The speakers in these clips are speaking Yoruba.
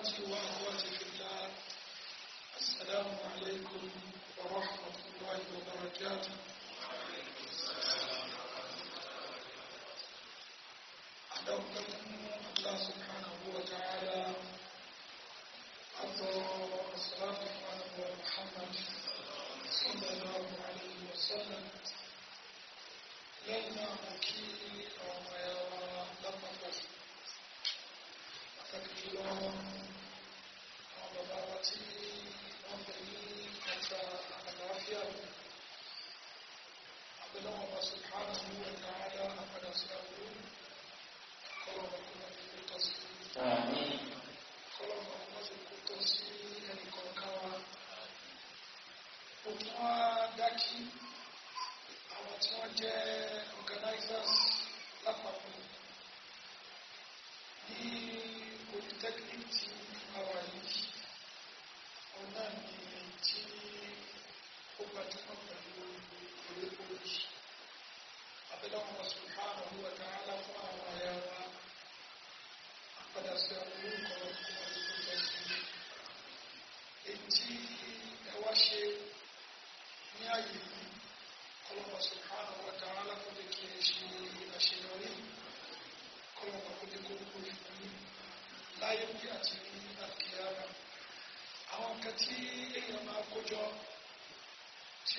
much to uh, our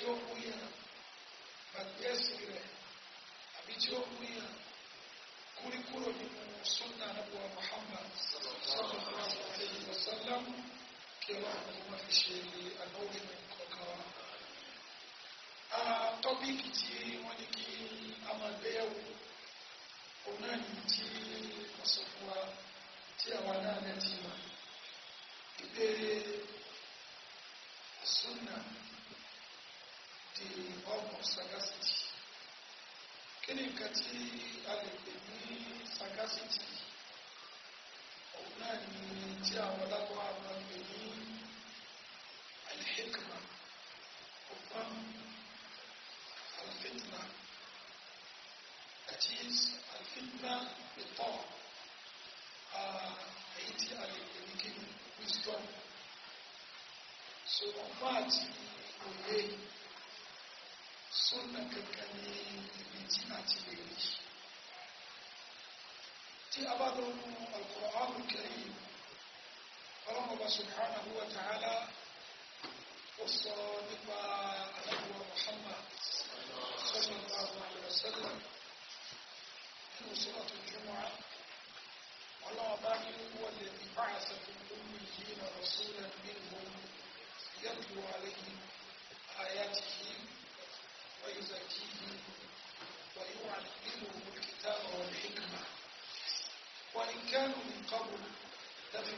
tí ó mú yàn gbàgbé ẹ̀sìn rẹ̀ àbí tí Muhammad sallallahu alayhi wa sallam kí wọ́n àwọn ọmọ fi ṣe àdánwò ní kọ̀ọ̀kan wa. tọ́píìkì tí wọ́n ní kí a that is alfitna ìtọ́ èyí tí a lè pè ní kíni wisdom so ọgbà àti òye sọ́nà kankan ní ibi tí a ti lè rí tí a bá lọ mú Al-Qur'an Al-Karim ọlọ́mọba subhanahu wa ta'ala ó sọ nípa aláwọ̀ Muhammad sallallahu alaihi wa sallam nínú sọ́ọ̀tù jùmọ̀ ọlọ́ọ̀bá ní wọ́n lè bá àṣà tó kún ní آياته ويزكيه ويعلمه الكتاب والحكمة وإن كانوا من قبل لفي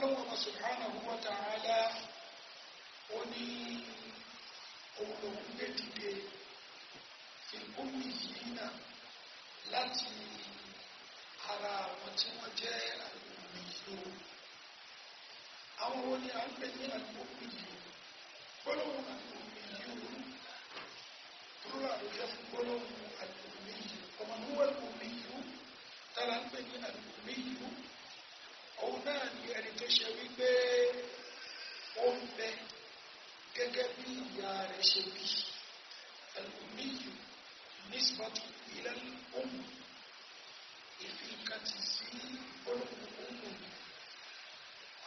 الله سبحانه وتعالى ó ní òun ìgbógun yìí náà láti ara àwọn tí wọ́n jẹ́ àgbègbè yìí àwọn wo ni à ń pè ní àgbègbè yìí gbólóhùn àgbègbè yìí dúró àlùjọ fún gbólóhùn àgbègbè yìí ọmọ níwọ̀n àgbègbè yìí tára ń pè ní àgbègbè òun náà ni ẹni tó ṣe wípé ó ń bẹ gẹ́gẹ́ bí ìyá rẹ̀ ṣe bí àgbègbè nisbatu ila al-umm ìfikàtì sí olókùnkùn umm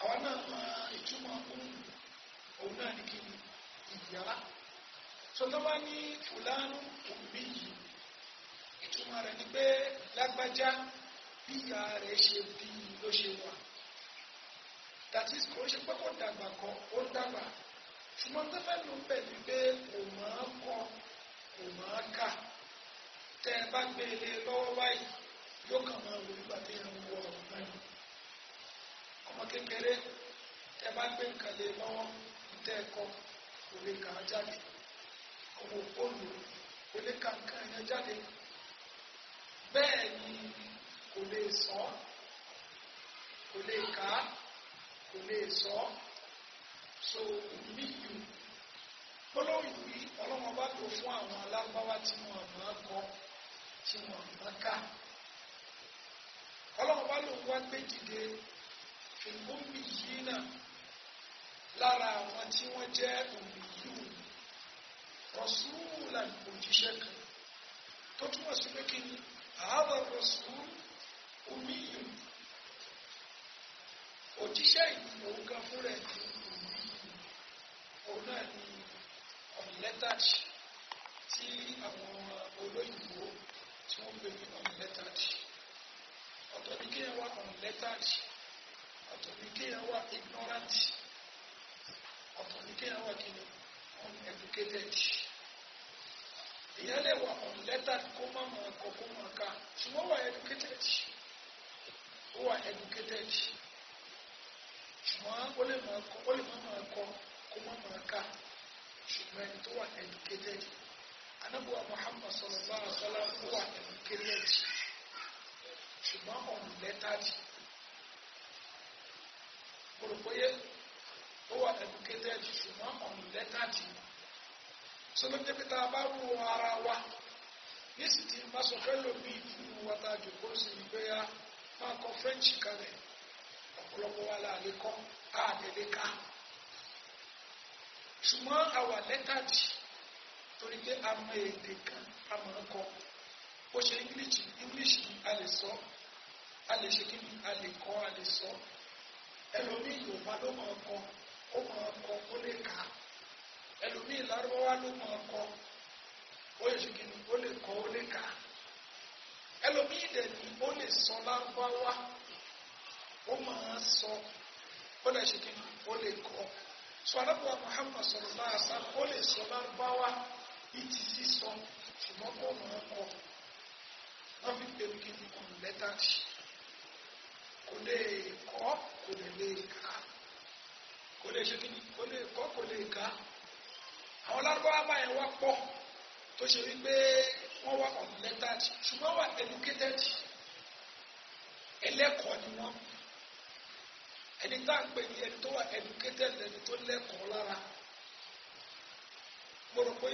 àwọn náà máa ìtumọ̀ umm òun náà ní kí ìyára sọtọ́bá ní fúlánù ummi yìí ìtumọ̀ rẹ̀ ni pé lágbájá bí ìyá rẹ̀ ṣe bí ló ṣe wà that is kò ṣe pé kò dàgbà kọ ó dàgbà ṣùgbọ́n tó fẹ́ ló ń bẹ̀ ni pé kò máa kọ kò máa kà tẹ́ ẹ bá gbé ilé lọ́wọ́ báyìí yóò kàn máa wò nígbà tí ẹ ń wọ ọ̀rọ̀ náà ọmọ kékeré tẹ́ ẹ bá gbé nǹkan lé lọ́wọ́ tẹ́ ẹ kọ́ kò lè kà á jáde ọmọ òpónù kò lè kà nǹkan yẹn jáde bẹ́ẹ̀ ni kò lè sọ kò lè kà á kò lè sọ so mí yù olóyìn yìí ọlọ́mọba tó fún àwọn alágbáwá tí wọn àmọ́ kọ́ tí wọ́n bá ká ọlọ́run wá lòun wá gbé dìde fìgbómi yìí náà lára àwọn tí wọ́n jẹ́ òmì yìí rọ̀súùlà òjíṣẹ́ kan tó túmọ̀ sí pé kí ni àábọ̀ rọ̀súù omi yìí òjíṣẹ́ yìí òun kan fún rẹ̀ òmì yìí òun náà ni unlettered tí àwọn olóyìnbó tí wọ́n ń pè ní unlettered ọ̀tọ̀ ní kéèyàn wá unlettered ọ̀tọ̀ ní kéèyàn wá ignorant ọ̀tọ̀ ní kéèyàn wá kí ni uneducated ìyẹn lè wà unlettered kó má máa kọ kó máa ka ṣùgbọ́n wà educated ó wà educated ṣùgbọ́n ó lè máa kọ ó lè má máa kọ kó má máa ka ṣùgbọ́n ẹni tó wà educated anabuwa muhammad sallallahu alaihi wa sallam wà pẹ̀lú kéréjì ṣùgbọ́n ọ̀hún lẹ́tàdì olùkóyè ó wà pẹ̀lú kéréjì ṣùgbọ́n ọ̀hún lẹ́tàdì sọlọ́jẹ́ pé tá a bá wo ara wa yéèsì tí n bá sọ fẹ́ lómi fún wa tá a jòkó sí i pé a máa kọ french kalẹ̀ ọ̀pọ̀lọpọ̀ wa la lè kọ́ a lè lè ka ṣùgbọ́n àwa lẹ́tàdì torí pé a mọ èdè kan a mọ̀ ń ó ṣe english english a lè sọ a lè ṣe kí ni a lè kọ a lè sọ ẹlòmíì yorùbá ló mọ̀ ọkọ ó mọ̀ ọkọ ó lè kà á ẹlòmíì lárúbáwá ló mọ̀ ọkọ ó lè ṣe kí ni ó lè kọ ó lè kà á ẹlòmíì dẹ̀ ni ó lè sọ lárúbáwá ó mọ̀ ọ́n sọ ó lè ṣe kí ni ó lè kọ sọ alábùwà muhammad sallallahu alaihi wasallam ó lè sọ lárúbáwá ìtì sísọ ṣùgbọ́n kò mọ̀ ọ́ pọ̀ wọ́n fi pè mí kí n kò lẹ́tà tì kò lè kọ́ kò lè lè ká kò lè ṣe kí ni kò lè kọ́ kò lè ká àwọn lárúbáwá báyẹn wá pọ̀ tó ṣe wípé wọ́n wá unlettered ṣùgbọ́n wà educated ẹlẹ́kọ̀ọ́ ni wọ́n ẹni tá à ń pè ní ẹni tó wà educated ẹni tó lẹ́kọ̀ọ́ lára mo rò pé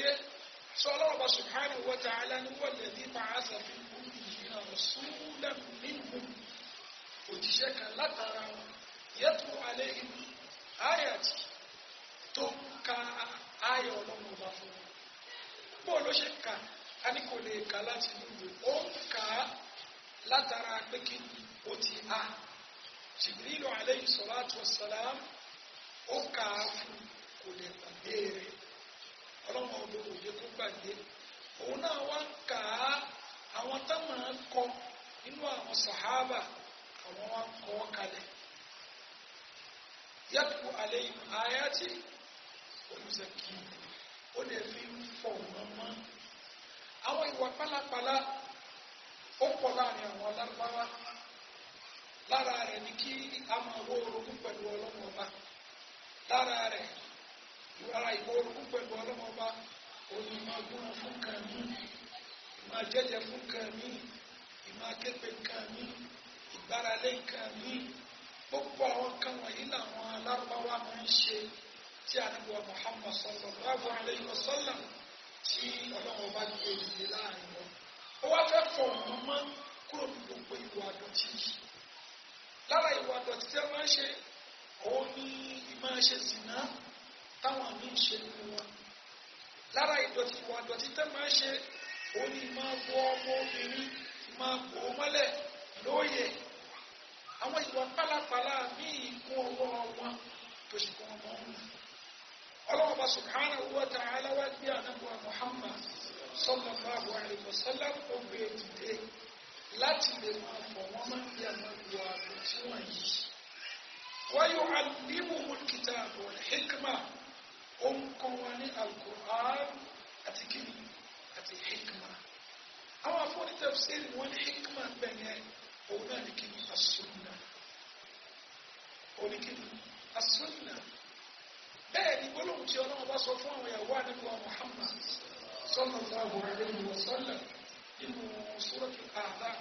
sọlá ọba subhanahu wa ta'ala ni wọ́n lè ní bàásà fi kún ìyìnà rasúlà nínú òjíṣẹ́ kan látara wọn yẹtù alẹ́ ìlú ayàtì tó ka ayà ọlọ́run pé kí ó ti a Jibrilu alayhi salatu wassalam ó kà fún kò lè gbàgbé rẹ̀. ọlọ́run ọbẹ̀ òye kó gbàgbé òun náà wá ń kà á àwọn táwọn ń kọ nínú àwọn sàhábà àwọn wá ń kọ ọ́ kalẹ̀ yàtò àlẹ́ àyàtì olùsèkì ó lè fi ń fọ wọn mọ́ àwọn ìwà pálapàla ó pọ̀ láàrin àwọn alárúbáwá lára rẹ̀ ní kí a máa wó orogún pẹ̀lú lára rẹ̀ ara ìmọ̀ orúkú pẹ̀lú ọlọ́mọba òní máa gbóná fún kan mí ìmọ̀ jẹ́jẹ́ fún kan mí ìmọ̀ aképe kan mí ìgbáralé kan mí gbogbo àwọn kan wọ̀nyí làwọn alárúbáwá máa ń ṣe tí àdúgbò Muhammad sallallahu alayhi wa sallam tí ọlọ́mọba gbé ìdílé láàrin wọn ó wá fẹ́ fọ̀ wọ́n mọ́ kúrò ní gbogbo ìwà àdọ̀tí yìí lára ìwà àdọ̀tí tí a máa ń ṣe òun ni ìmáa ṣe zìnnà táwọn míì ṣe nínú wọn lára ìdọ̀tí ìwà ìdọ̀tí tẹ́ máa ń ṣe òun ni máa bo ọmọ obìnrin máa bò ó mọ́lẹ̀ lóye àwọn ìwà pálapàla míì kún ọwọ́ wọn tó ṣe kún ọmọ wọn ọlọ́wọ́ bá subhanahu wa ta'ala wá gbé ànábùwà Muhammad sallallahu alaihi wasallam ó gbé e dìde láti lè máa fọ̀ wọ́n máa ń bí ànábùwà àbòtí wọ̀nyí wáyọ̀ alìmùmù kìtàbù wal hikma ó ń kọ́ wa ní alquran àti kìíní àti hikma àwọn afọ́ni tafsiri wọ́n ní hikma bẹ̀yẹ òun náà ní kìíní as-sunna oníkìíní as-sunna bẹ́ẹ̀ ni gbólóhùn tí ọlọ́run bá sọ fún àwọn ìyàwó àdébùwà Muhammad sallallahu alayhi wa sallam nínú suratul A'raf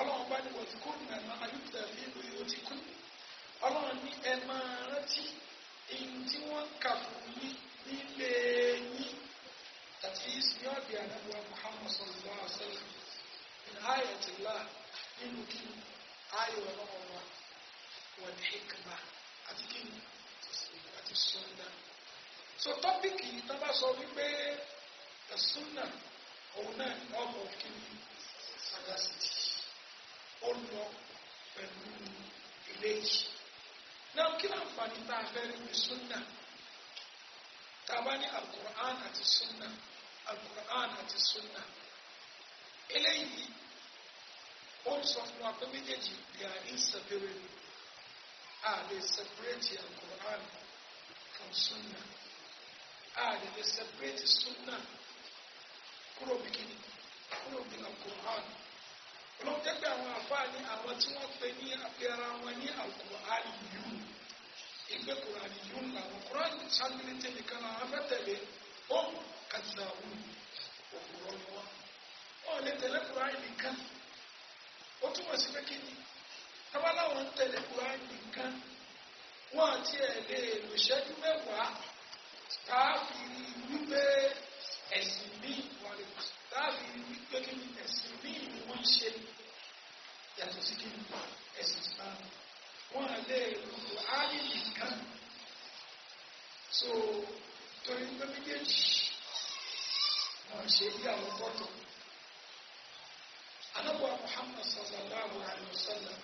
ọlọ́run bá ní wọ́n ti kó nínú ẹ̀ma ayúkúta fi ìlú yóò ti kú ọlọ́run ní ẹ rántí èyí tí wọ́n kà fún yín nílé yín àti ìsìnyọ́ọ̀dì ànábọ̀ Muhammad sallallahu alaihi wa sallam ní ayatollah nínú kí ni ayọ̀ ọlọ́wọ́ wa wọ́n ní hikma àti kí ni àti sunna. so tọ́pìkì yìí tó bá sọ wípé sunna òun náà ọmọ kí ni sagacity ó lọ pẹ̀lú ilé yìí náà kí náà fani tá a fẹ́ rí ní sunna tá a bá ní alukur'an àti sunna alukur'an àti sunna eléyìí ó ń sọ fún wa pé méjèèjì they are inseparable a lè separate alukur'an from sunna ah, lè lè separate sunna kúrò bí kìnnìkan kúrò bí alukur'an ló ń jẹ́ pé àwọn àfáà ní àwọn tí wọ́n pe ní àpẹẹrẹ wọn ní àlùkùránì yìí ìgbẹ́ kùránì yìí làwọn kùránì sábìlì tẹ̀lé kan náà fẹ́ tẹ̀lé ó kàdìdà wù òkúrọ̀ ni wọn. ó lè tẹ̀lé kùránì nìkan ó túmọ̀ sí pé kí ni tábà láwọn ń tẹ̀lé kùránì nìkan wọn àti ẹ̀ lè lò ṣẹ́jú mẹ́wàá tá wípé ẹ̀sìn míì wà kùsùn láàbì ní pé kí ẹ̀sìn ní ìlú wọn ṣe yàtọ̀ sí kí ẹ̀sìn islam wọn lè lu áyì nìkan so torí pé méjèèjì wọn ṣe bí àwọn bọ́tọ̀ anábọ̀ Muhammad sallallahu alayhi wa sallam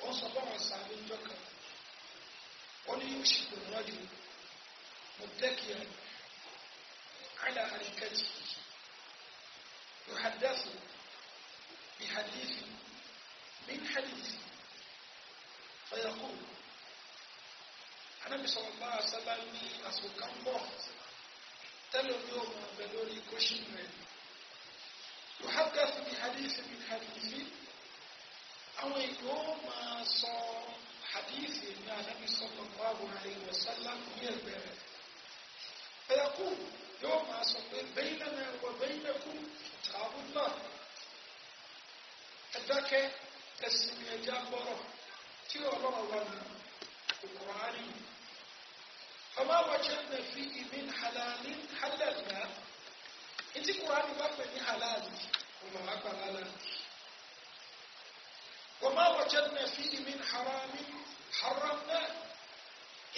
wọ́n sọ bọ́wọ́ sàbí jọ́kà wọ́n ní yóò ṣe kò rọ́jù mọ̀tẹ́kìá ala àríkẹ́tì يحدث بحديث من حديث فيقول النبي صلى الله عليه وسلم ní àsùnkà تلو bọ̀ tẹ́lẹ̀ ní ọmọ يحدث بحديث من حديث أو يوم صار حديث من النبي صلى الله عليه وسلم ní فيقول يوم أصبح بيننا وبينكم كتاب الله أذاك تسمية جابرة تيو الله الله القرآن فما وجدنا فيه من حلال حللنا إنت القرآن بقى حلال وما أقبل حلال وما وجدنا فيه من حرام حرمنا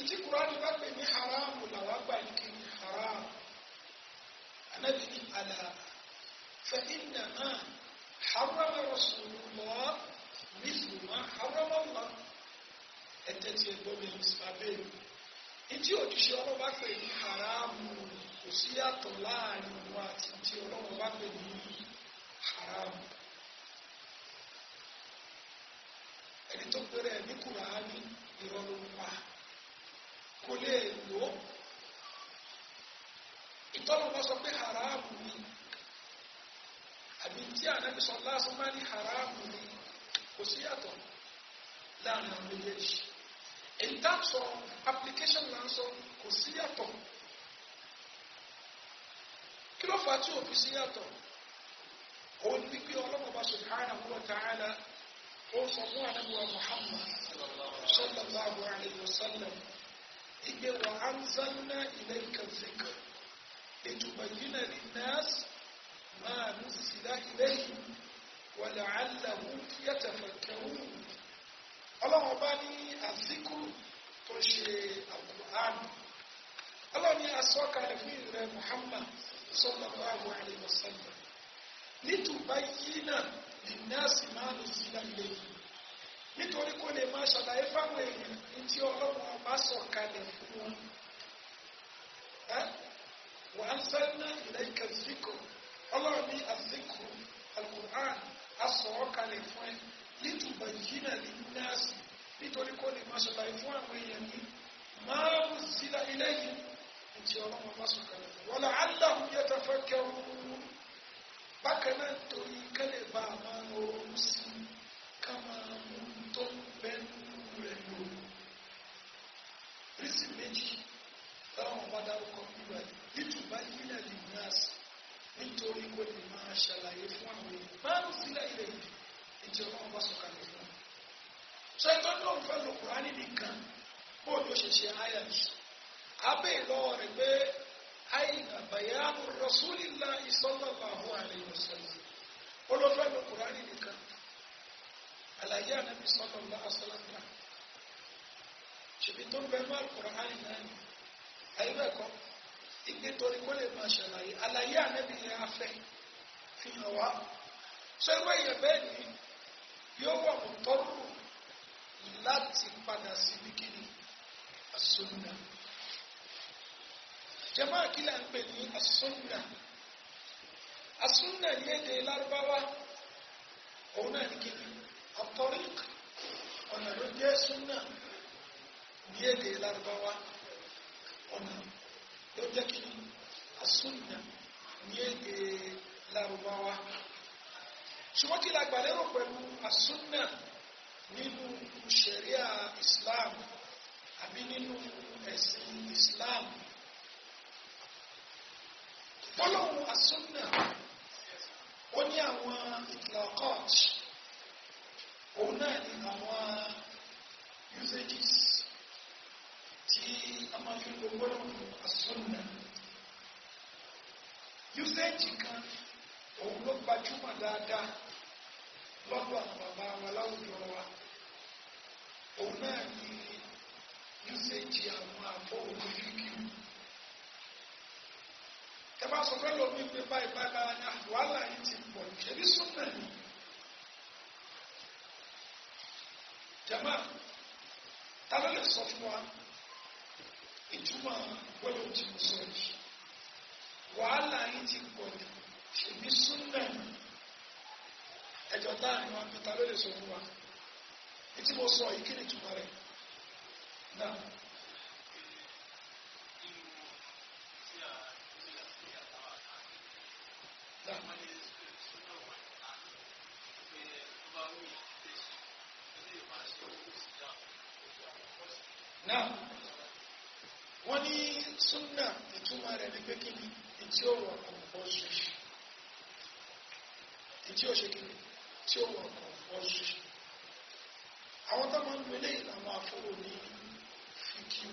إنت القرآن بقى حرام ولا أقبل حرام anabi ní àlà fẹ́ẹ́nà náà harama rasulullah nísìlùmá harama Allah ẹ̀tẹ́ tí ẹgbọ́n mi ń sọ abẹ́rẹ́ ìtí òjúṣe ọlọ́wọ́ pè ní haramu kò sí yàtọ̀ láàrin òun àti ìtí ọlọ́wọ́ wá pè ní haramu. ẹni tó péré ní kùràánì ìrọ̀lùpá kò lè lò ó. tọ́lọ̀ bá sọ pé haramu ni àbí tí ànábì sọ lásán máa ní haramu ni kò sí yàtọ̀ láàrin àwọn méjèèjì in terms of application lansọ kò sí yàtọ̀ kí ló fà tí òfin sí yàtọ̀ òun ní pé ọlọ́pàá bá subhanahu wa ta'ala ó sọ fún ànábì wa Muhammad sallallahu alayhi wa sallam ìgbéwà anzalna ilayka zikr. لتبين للناس ما نزل إليهم ولعلهم يتفكرون ọlọ́run bá ní àzíkù tó ṣe alukur'an ọlọ́run ní asọ́kalẹ̀ fún ìrẹ̀ muhammad sallallahu alaihi wasallam litubayyina linnasi ma nuzila ilayhi nítorí kó lè máa ṣàlàyé fáwọn èèyàn ní tí ọlọ́run bá sọ̀kalẹ̀ fún wọn wà á sẹ́nà ilẹ̀ ìkà zikò ọlọ́run ní àzikò alukur'an asọ̀rọ̀ kalẹ̀ fún ẹ lítùbà yínà ní nọ́ọ̀sì nítorí kó lè máa ṣàlàyé fún àwọn èèyàn ní máa ń sílá ilé yìí ìtì ọlọ́run bá sọ kalẹ̀ fún wọ́n aláhùn yẹ ta fẹ́ kẹ́ a máa ń ronú sí i ká máa mú tó bẹ́ẹ̀ nínú rẹ̀ lò rísì méjì táwọn ọba dárúkọ nígbà nítorí ilẹ̀ lè ní àṣì nítorí kò lè máa ṣàlàyé fún àwọn èèyàn báyìí sílẹ̀ ilẹ̀ yìí ètò ọlọ́run bá sọ̀kalẹ̀ fún un. ṣé tó ló ń fẹ́ lo kùránì nìkan bó ló ṣe ṣe àyà yìí abẹ́ ìlọ́wọ́ rẹ̀ pé àyìnà bàyáàmù rasulillah sallallahu alaihi wasallam ó ló fẹ́ lo kùránì nìkan àlàyé ànábì sallallahu alaihi wasallam ṣèbí tó ń bẹ mọ́ àlùkùránì náà ni àyíbẹ̀ kan nítorí kó lè máa ṣàlàyé àlàyé ànábì yẹn afẹ́ fi hàn wá ṣé irú èèyàn bẹ́ẹ̀ ni yóò wà mú tọ́rù láti padà síbi kíni àsúnà jẹ́mọ́ àkílà ń pè ní àsúnà àsúnà ní èdè lárúbáwá òun náà ní kíni àtọ́rík ọ̀nà ló jẹ́ súnà ní èdè lárúbáwá ọ̀nà ló jẹ́ kí asúnà ní èdè lárúbáwá ṣùgbọ́n kí la gbàlérò pẹ̀lú asúnà nínú ṣẹ̀ríà islam àbí nínú ẹ̀sìn islam gbólóhùn asúnà ó ní àwọn ìtìlọ́kọ́ọ̀tì òun náà ní àwọn usages tí a máa fi gbogbo àsúnà yúsẹ́ẹ̀jì kan òun ló gbajúmọ̀ dáadáa lọ́dọ̀ àwọn bàbá wa láwùjọ wa òun náà ni yúsẹ́ẹ̀jì àwọn àbọ̀ olùfíkì ẹ bá sọ pé lómi pé báyìí báyìí báyìí ní àwàlà yìí ni jama ta ló ìtumọ̀ gbọ́dọ̀ tí mo sọ yìí wàhálà yìí ti pọ̀ jù ṣèbí súnmẹ̀ ẹjọ́ táàrin wa pẹ̀ta ló lè sọ fún wa ètí mo sọ yìí kí ni ìtumọ̀ rẹ̀ náà. Now wọ́n ní súnà ìtumọ̀ rẹ̀ ní pé kí ni ìtí ó wọ̀ compulsory ìtí ó ṣe kí ni tí ó wọ̀ compulsory àwọn tó máa ń lo eléyìí làwọn afọ́wò ní fíkì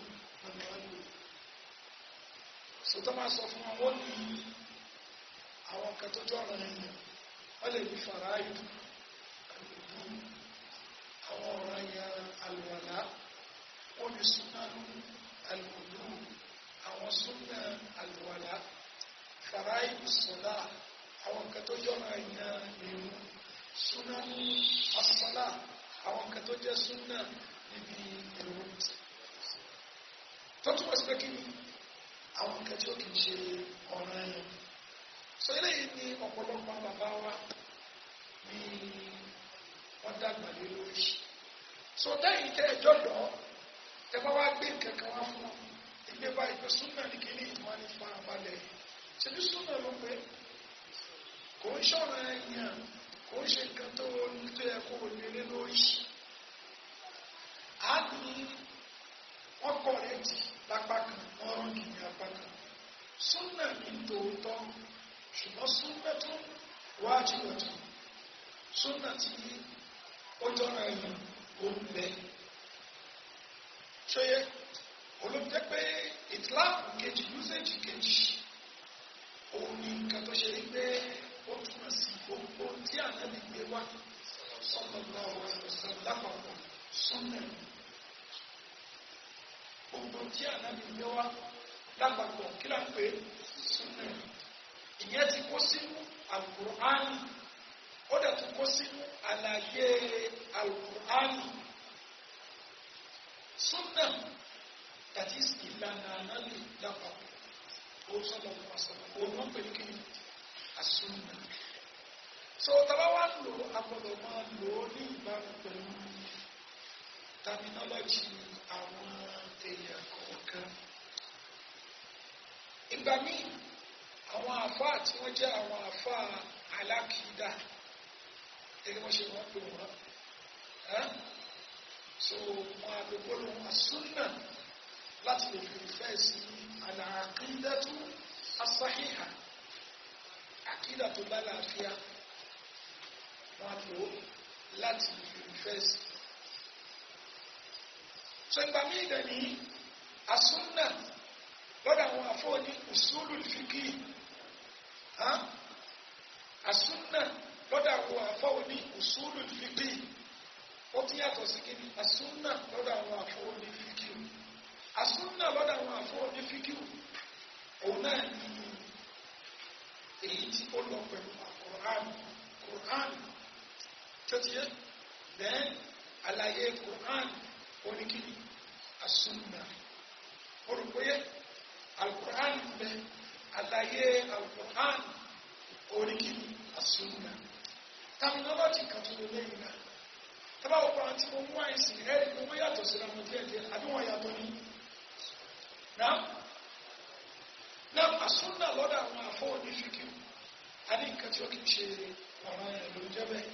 ọ̀nà ọ̀nà sọtọ́ máa sọ fún wọn wọ́n ní àwọn kan tó jọ́ ọ̀rọ̀ ẹ̀yìn wọ́n lè ní fàráyù àwọn ọ̀rọ̀ ẹ̀yìn àlùwàlá wọ́n ní súnà alùlù àwọn súnà àlùwàlà fàráìlì sọlá àwọn nǹkan tó jọra ìyàn ìrù súnà ní asọlá àwọn nǹkan tó jẹ súnà níbi ìrù tó túmọ̀ sí pé kí ni àwọn nǹkan tí ó kì í ṣe ọ̀ràn ẹ̀yàn so eléyìí ni ọ̀pọ̀lọpọ̀ bàbá wa ni wọ́n dàgbà lé lórí so lẹ́yìn tẹ́ ẹjọ́ lọ́ọ́ tẹ bá wá gbé nǹkan kan wá fún wọn ìgbé bá ìgbé súnà ní kí ní ìmọ̀ ní farabalẹ̀ ṣe bí súnà ló pé kò ń ṣọ̀rọ̀ ẹ̀yàn kò ń ṣe nǹkan tó tó yẹ kó o nílé lórí a ní wọ́n kọ̀ rẹ̀ lápá kan wọ́n rán kì ní apá kan súnà ní tòótọ́ ṣùgbọ́n súnà tó wájú ọ̀tún súnà tí ó jọra ẹ̀yàn ó ń bẹ́ẹ̀ ṣóyé olóòjẹ́ pé ìtìláàpù kejì usage kejì òun ni nǹkan tó ṣe pé ó túmọ̀ sí gbogbo tí ànábì gbé wá sọ́kọ̀ọ́gbà ọ̀rọ̀ ìṣẹ̀lẹ̀ lápapọ̀ sọ́nà gbogbo tí ànábì gbé wá lápapọ̀ kí là ń pè sọ́nà ìyẹn ti kó sínú àlùkùránì ó dẹ̀ tún kó sínú àlàyé àlùkùránì súnà that is ìlànà ànábì lápapọ̀ ó sọ̀rọ̀ pàṣẹpọ̀ òun náà pẹ̀lú kí ni àsúnà so tàbá wá lò agbọ́dọ̀ máa lò ó ní ìbámu pẹ̀lú terminology àwọn èèyàn kọ̀ọ̀kan ìgbà míì àwọn àfáà tí wọ́n jẹ́ àwọn àfáà alákìídà gẹ́gẹ́ bó ṣe wọ́n pè wọ́n so wọn àgbẹ̀gbọ́nù asúnà láti lè fi ìfẹ́ sí àlàákídàtú asáhíhà àkídà tó bá láàfíà wọn lò ó láti fi ìfẹ́ sí. so ìgbà míì dẹ̀ ní asúnà lọ́dọ̀ àwọn afọ́ ní usulu fìkì asúnà lọ́dọ̀ àwọn afọ́ usulu fìkì ó ti yàtọ̀ sí kí ni asúnà lọ́dọ̀ àwọn àfọwọ́ ní fíkìú asúnà lọ́dọ̀ àwọn àfọwọ́ ní fíkìú òun náà ni èyí tí ó lọ pẹ̀lú àkùrán kùrán tó ti yẹ bẹ́ẹ̀ àlàyé kùrán oníkìlì asúnà olùkóyè alukùrán bẹ àlàyé alukùrán oníkìlì asúnà tàbí lọ́wọ́ ti kàtó lóyún náà tẹ́lá ọ̀pọ̀ àti mo mú àìsàn ẹ̀rí mo mú yàtọ̀ síra mo díẹ̀ díẹ̀ àbí wọ́n yàtọ̀ ní. Nà nà àsúnà lọ́dọ̀ àwọn afọ́ onífìkì àní nǹkan tí ó kì í ṣe ọ̀rọ̀ ẹ̀ ló ń jẹ́ bẹ́ẹ̀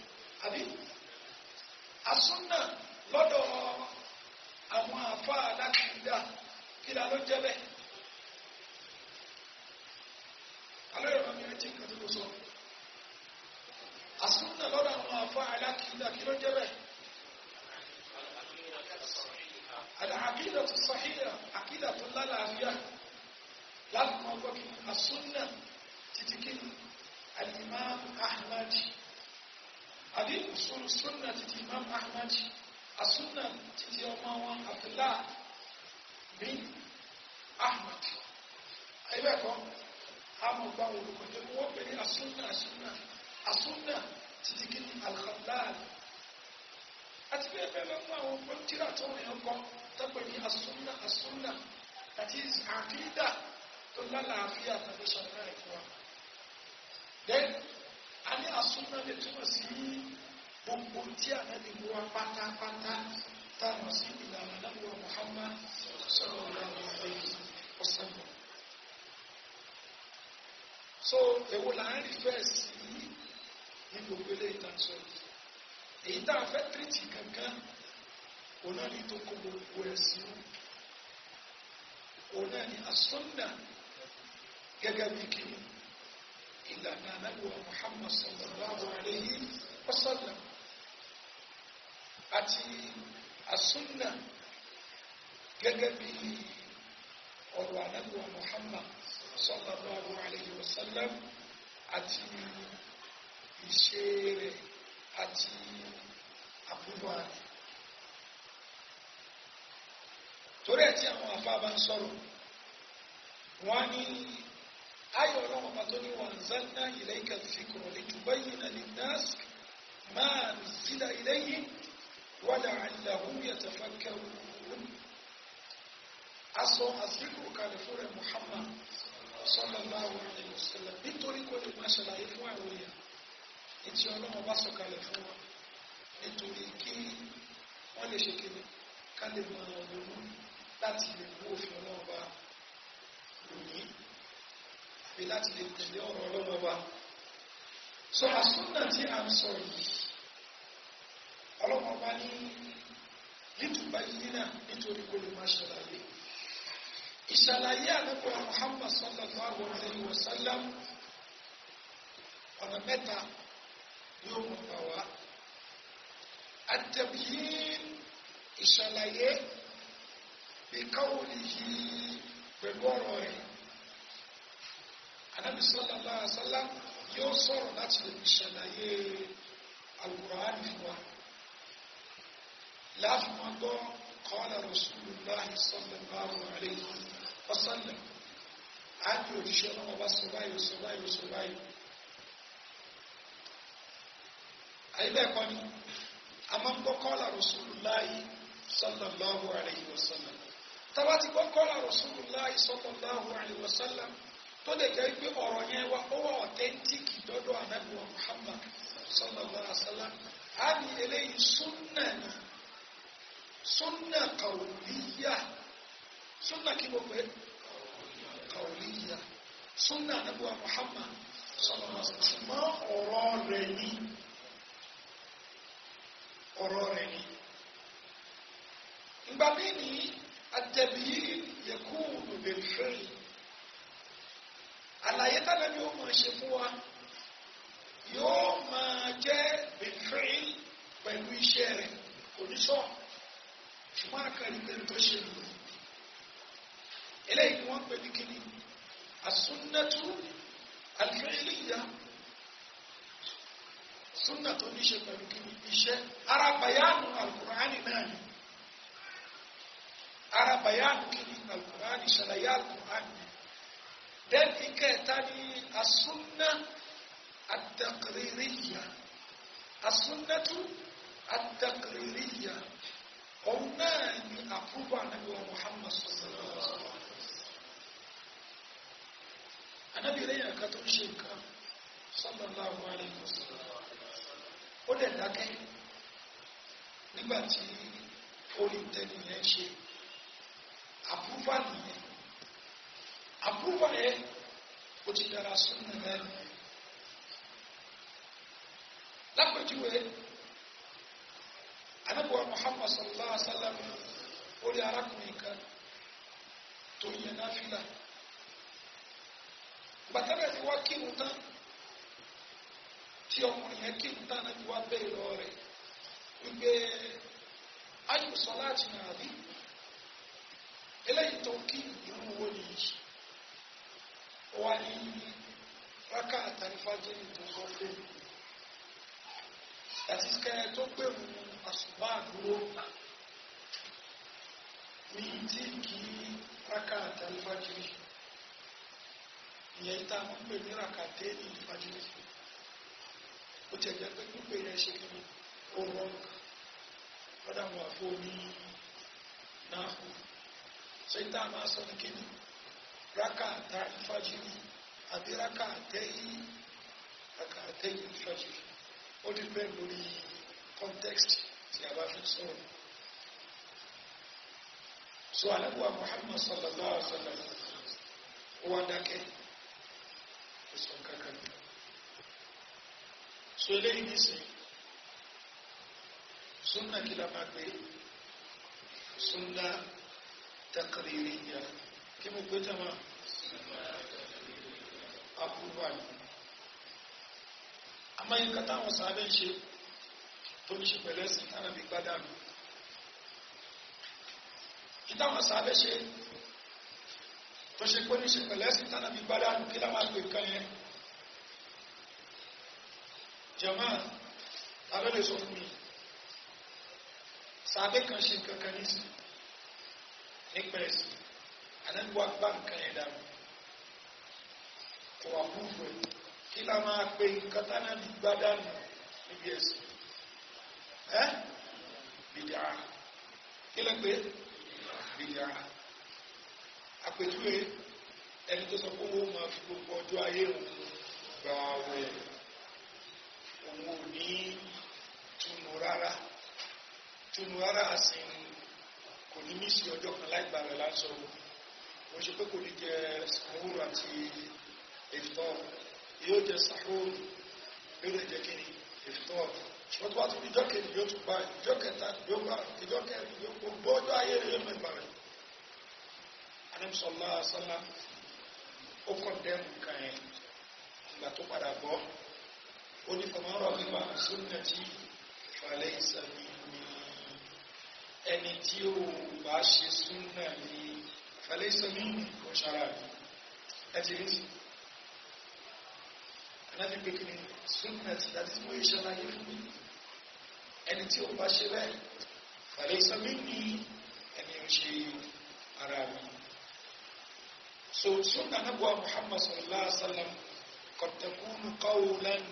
àbí àsúnà lọ́dọ̀ àwọn afọ́ alákìídà kí la ló ń jẹ́ bẹ́ẹ̀. Alẹ́ ìrọ̀lẹ́ mi ti nǹkan tó sọ. Àsúnà lọ́dọ̀ àwọn afọ́ alákìídà kí ló ń jẹ́ bẹ́ẹ̀. العقيدة الصحيحة عقيدة الله العافية لازم أقول السنة تتكلم الإمام أحمد هذه أصول السنة تتكلم الإمام أحمد السنة تتكلم يوم عبد الله بن أحمد أيوة أما بعض المجموعة بين السنة السنة السنة تتكلم الخلال àti bẹ́ẹ̀ bẹ́ẹ̀ lọ fún àwọn ọmọ tíra tó rìn ọkọ tọ́pẹ́ ní asúnà asúnà àti àkídà tó lálàáfíà tàbí ṣàlàyé ẹ̀kọ́ wa. then a ní asúnà lè túmọ̀ sí gbogbo tí ànábì mú wa pátápátá tá a mọ̀ sí ìlànà náà wọ Muhammad sọ̀rọ̀ ìlànà ìfẹ́ ọ̀sán mọ̀. so èwo là ń rí fẹ́ẹ̀ sí ní gbogbo ilé ìtàn sọ̀rọ̀ èyí tá a fẹ́ tìrìtì kankan òun náà ní tó kó gbogbo ẹ̀ sí òun náà ní asọ́nà gẹ́gẹ́ bí kìnnì ìlànà anábìwá Muhammad sallallahu alayhi wa sallam àti asọ́nà gẹ́gẹ́ bí ọ̀rọ̀ anábìwá Muhammad sallallahu alayhi wa sallam àti ìṣe rẹ̀ àti àbúrò rẹ̀ torí ẹ̀ tí àwọn afá bá ń sọ̀rọ̀ wọ́n ní ayọ̀ ọlọ́run ọba tó ní wa anzalna ilayka dhikra litubayyina linnas ma nuzzila ilayhim wa la'allahum yatafakkarun aṣọ àzíkò kalẹ̀ fún rẹ̀ Muhammad sallallahu alaihi wasallam nítorí kò lè máa ṣàlàyé fún àwọn èèyàn etí ọlọ́run bá sọ̀kalẹ̀ fún wa nítorí kí wọ́n lè ṣe kéde ká lè mọ ronú láti lè mú òfin ọlọ́run bá lòní àbí láti lè tẹ̀lé ọ̀rọ̀ ọlọ́run bá sọ àsúnà tí a ń sọ yìí ọlọ́run bá ní nítùbá yìí náà nítorí kó lè má ṣàlàyé ìṣàlàyé àdúgbò Muhammad sallallahu alaihi wa sallam ọ̀nà mẹ́ta yóò mú bá wa àtẹ̀bíyìn ìṣàlàyé ìkáwòlì yìí pẹ̀lú ọ̀rọ̀ rẹ̀ Ànábì sallallahu alaihi wasallam yóò sọ̀rọ̀ láti lè fi ṣàlàyé Al-Qur'an fún wa láàfin gbọ́ qala Rasulullah sallallahu alaihi wasallam á ní òjíṣẹ́ ọlọ́wọ́ bá sọ báyìí sọ báyìí sọ báyìí àyíbẹ̀kọ́ ni a máa ń gbọ́ kọ́lá Rasulullahi sallallahu alayhi wa sallam tàbá ti gbọ́ kọ́lá Rasulullahi sallallahu alayhi wa sallam tó lè jẹ́ pé ọ̀rọ̀ yẹn wa ó wà ọ̀tẹ́ntíkì dọ́dọ̀ anábìwọ̀ Muhammad sallallahu alayhi wa sallam a ní eléyìí súnnà ni súnnà kàwùlíyà súnnà kí mo pè kàwùlíyà Muhammad sallallahu alayhi wa sallam ṣùgbọ́n ọ̀rọ̀ rẹ̀ ni ọ̀rọ̀ rẹ̀ ni ìgbà mi ni àtẹ̀bí yẹ̀kú lòlẹ́fẹ́rì àlàyé tábẹ́ ni ó máa ṣe fún wa yóò máa jẹ́ bẹ̀fẹ́rì pẹ̀lú iṣẹ́ rẹ̀ oníṣọ́ ṣùgbọ́n àkàrí pẹ̀lú tó ṣe lò eléyìí ni wọ́n ní kíni àsúnnẹ́tù àlùfẹ́ ilé ìyá súnà tó níṣe pẹ̀lú kí ni iṣẹ́ ara bayanu alukurani náà ni ara bayanu kí ni alukurani ṣàlàyé alukurani bẹ́ẹ̀ni kẹta ni asúnà àtàkìrìríyà asúnà tó àtàkìrìríyà òun náà ni àkúrò ànábi wa Muhammad sallallahu alaihi wa sallam ànábi rẹ̀ yàn ká tó ń ṣe nǹkan sallallahu alaihi wa sallam. ó dẹ̀ dákẹ́ nígbà tí orí tẹni yẹn ṣe àpúrúfà nìyẹn àpúrúfà yẹn ó ti dára súnmọ́ lẹ́nu lápẹjúwe anábọ̀ Muhammad sallallahu alaihi wa sallam orí arákùnrin kan tó yẹ náà fìlà gbàtẹ́rẹ̀ ti wá kírun tán tí ọkùnrin yẹn kí n tánà bí wá bẹ́ẹ̀ lọ rẹ̀ wípé ayùsọ láti nà bí eléyìí tó kí irú owó ni yìí ó wá ní rákà àtàrífájẹ́rì tó kọ́ pé àti kẹrẹ tó pè mú àṣùbá àdúró ní tí kì í rákà àtàrífájẹ́rì ìyẹn tá a mọ̀ pé ní rákà tẹ́lẹ̀ ìfájẹ́rì fún ó ti ẹ̀jẹ̀ pé pípé rẹ̀ ṣe kí ó rọ́ lọ́dà wọn àfọ omi náà kú ṣé tá a máa sọ ní kíni rákà tá ìfàjìrì àbí rákà àtẹ́yí rákà àtẹ́yí ìfàjìrì ó ti pẹ́ lórí context tí a bá fi sọ̀rọ̀ so alẹ́bùwà Muhammad sallallahu alaihi wa sallam ó wá dákẹ́ ó sọ kankan náà so eléyìí nìsín súnà kí la máa pè súnà takririya kí mo gbé tàmà àbúrò àná amáyíká táwọn sábẹ́ ń ṣe tó ní ṣe pẹ̀lẹ́ sí tánàbí gbádàmì ìtàwọn sábẹ́ ṣe tó ṣe pé ní ṣe pẹ̀lẹ́ sí tánàbí gbádàmì kí la máa pè kan yẹn jama abẹ́lẹ̀ sọ fún mi sàbẹ́ kan ṣe kankan nísìn nípa ẹ̀sìn anáwó gbá nǹkan yẹn dànù kò wà fún fún ẹ kí la máa pe nǹkan tánà ní gbá dànù níbi ẹ̀sìn ẹ́ bìdà kí lẹ́ pé bìdà àpèjúwe ẹni tó sọ pé owó máa fi gbogbo ọjọ́ ayé òun gba ọwọ́ òun ò ní túnú rárá túnú rárá àsìn kò ní ní sí ọjọ́ kan láìgbà rẹ̀ lásọ o ṣe pé kò ní jẹ sàhóòrò àti ìfọ́ yóò jẹ sàhóòrò yóò lè jẹ kí ni ìfọ́ ṣùgbọ́n tó bá tún ìjọ kejì yóò tún bá ìjọ kẹta yóò bá ìjọ kẹrin yóò gbogbo ọjọ́ ayé rẹ̀ yóò mẹ́gbà rẹ̀ anamsọ̀lá asọ́lá ó kọ̀ dẹ́rù kan ẹ̀ ìgbà tó padà bọ́ قولي فما رأي مع سنتي فليس مني أني تيو باشي سنة لي فليس مني وشرابي أجل أنت أنا في بكني سنة لازم ويشرابي مني أني تيو باشي بي فليس مني أني وشي عربي So, sunna nabuwa Muhammad sallallahu alaihi wasallam kwa takunu kawulan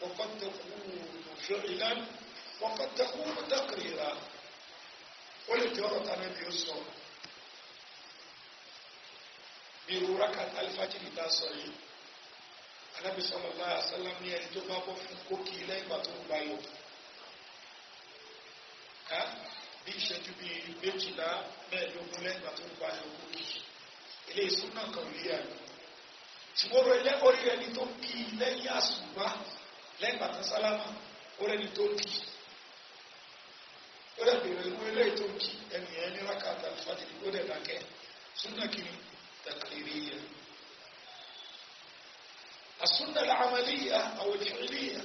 وقد تكون فعلا وقد تكون تقريرا والتي ورد عن ابي يوسف irú rákàtà alifájìlì tá a sọ yìí anábì sallallahu alaihi wasallam ní ẹni tó bá bọ́ fún kókì lẹ́yìn ìgbà tó ń gba yọ ká bí ìṣẹ́jú bí méjìlá mẹ́ẹ̀ẹ́dógún lẹ́yìn ìgbà tó ń gba yọ kókì ilé ìsúná kan rí àná ṣùgbọ́n orí ẹni tó kí lẹ́yìn àsùnwá lẹ́yìn bàtà sálámà ó rẹ́ni tó kì í ó dẹ̀ bèrè ìwé eléyìí tó kì í ẹnì yẹn ní rákàtà alifájìrì ó dẹ̀ dákẹ́ súnà kìíní takiriyya asúnà làmàlíyà àwọn ìfìlíyà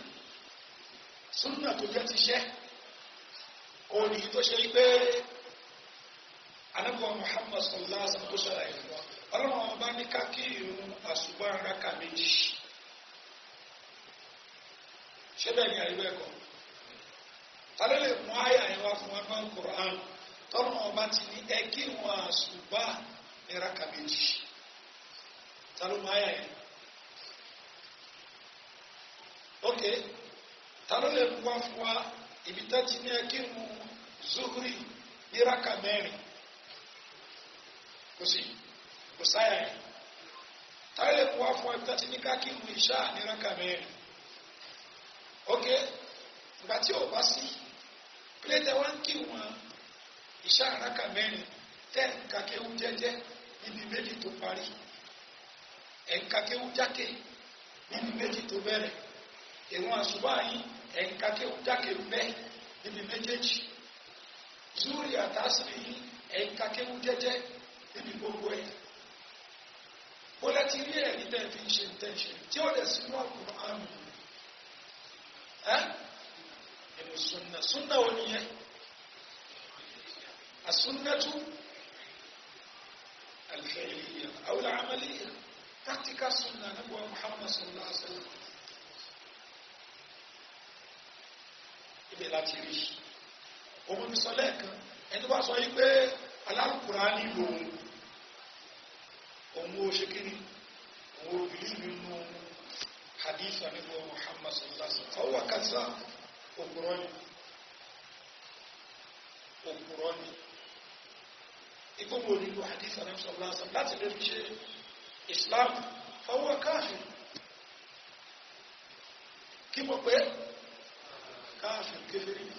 súnà tó jẹ́ ti ṣẹ́ òun tó ṣe pé anabuwa Muhammad sallallahu alaihi wa sallam ọlọ́run ọba ní ká kí àṣùgbọ́n ara méjì ṣé bẹ́ẹ̀ ni àríwá ẹ̀kọ́ tàbí lè mú àyà yẹn wá fún wọn náà Qur'an tọ́nà ọba ti ní ẹ kí wọn àṣùbà ẹ̀rá kàméjì tàbí mú àyà yẹn ok tàbí lè mú wá fún wa ibi tá ti ní ẹ kí wọn zuhri ẹ̀rá kàmẹ́rin kò sí kò sáyà yẹn tàbí lè mú wá fún wa ibi tá ti ní ká wọn ìṣá ẹ̀rá kàmẹ́rin ok ìgbà tí ò bá sí pílẹ̀tẹ̀ wá ń kí wọn ìṣá àràkà mẹ́rin tẹ́ ẹ̀ka kéwú jẹ́jẹ́ níbi méjì tó parí ẹ̀ka kéwú jákè níbi méjì tó bẹ̀rẹ̀ ìwọ̀n àṣùbà yín ẹ̀ka kéwú jákè bẹ́ níbi méjèèjì Zuri àtàsírì yín ẹ̀ka kéwú jẹ́jẹ́ níbi gbogbo ẹ̀ bọ́lá ti rí ẹ̀rí tẹ́ fi ń ṣe ń tẹ́ ṣe tí ó dẹ̀ sínú ọkùnrin àmì ẹnu eh, sunna sunna wo ni yẹ asunnatu alifẹyiliya awula amaliya tactical sunna anabi wa muhammad sallallahu alaihi wa sallam ibẹ̀ láti rí òun ní sọ lẹ́ẹ̀kan ẹni wá sọ yí pé alárùkùnrin á nílò òun òun ó ṣe hadith anabi wa muhammad sallallahu alaihi wasallam fahuwa kaza òpùrọ́ ni òpùrọ́ ni igbogbo nílò hadith anabi sallallahu alaihi wasallam láti lè fi ṣe islam fahuwa káfir kí mo pé káfir kéferì ni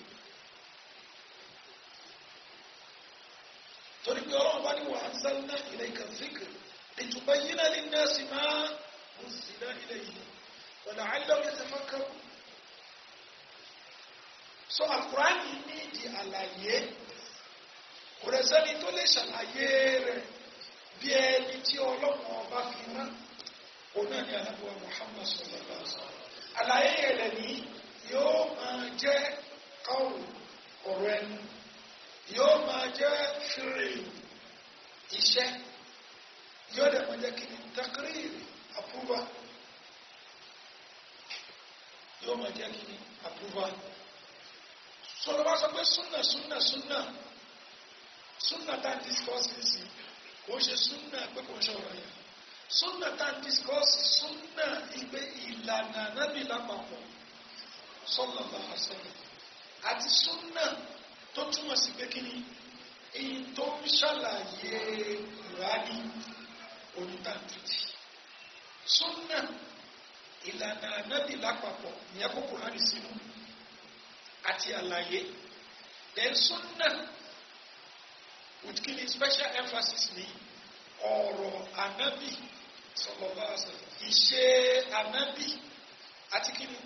torí pé ọlọ́run wa anzalna ilayka dhikr litubayyina lin-nasi ma unzila ilayhim wàlàhálàwò yatafakkaru so àkùránì ní ìdí àlàyé kò rẹ̀ sẹ́ni tó lè ṣàlàyé rẹ̀ bí ẹni tí ọlọ́pàá ọba fi ná òun náà ni alábọ̀ Muhammad sallallahu alaihi wasallam àlàyé yẹn lẹ̀ ní yóò máa jẹ́ káwọn ọ̀rọ̀ ẹnu yóò máa jẹ́ fìrì iṣẹ́ yóò dẹ̀ máa jẹ́ kí ni takiri àpúrúbà yóò máa jẹ́ kí ni àpúrúwà sọ́dọ̀ bá sọ pé súnà súnà súnà súnà tá discourse sí kò ṣe súnà pé kò ṣe ọ̀rọ̀ yẹn súnà tá discourse súnà ìgbé ìlànà nábì lápapọ̀ sọ́nà bá a sọ́nà àti súnà tó túmọ̀ sí pé kí ni èyí tó ń ṣàlàyé ìrání onítàntìtì súnà ìlànà ànábì lápapọ̀ ìyẹn kó kùránì sínú àti àlàyé then sunna with kini special emphasis ní ọ̀rọ̀ ànábì sọlọ́lá ìṣe ànábì àti kini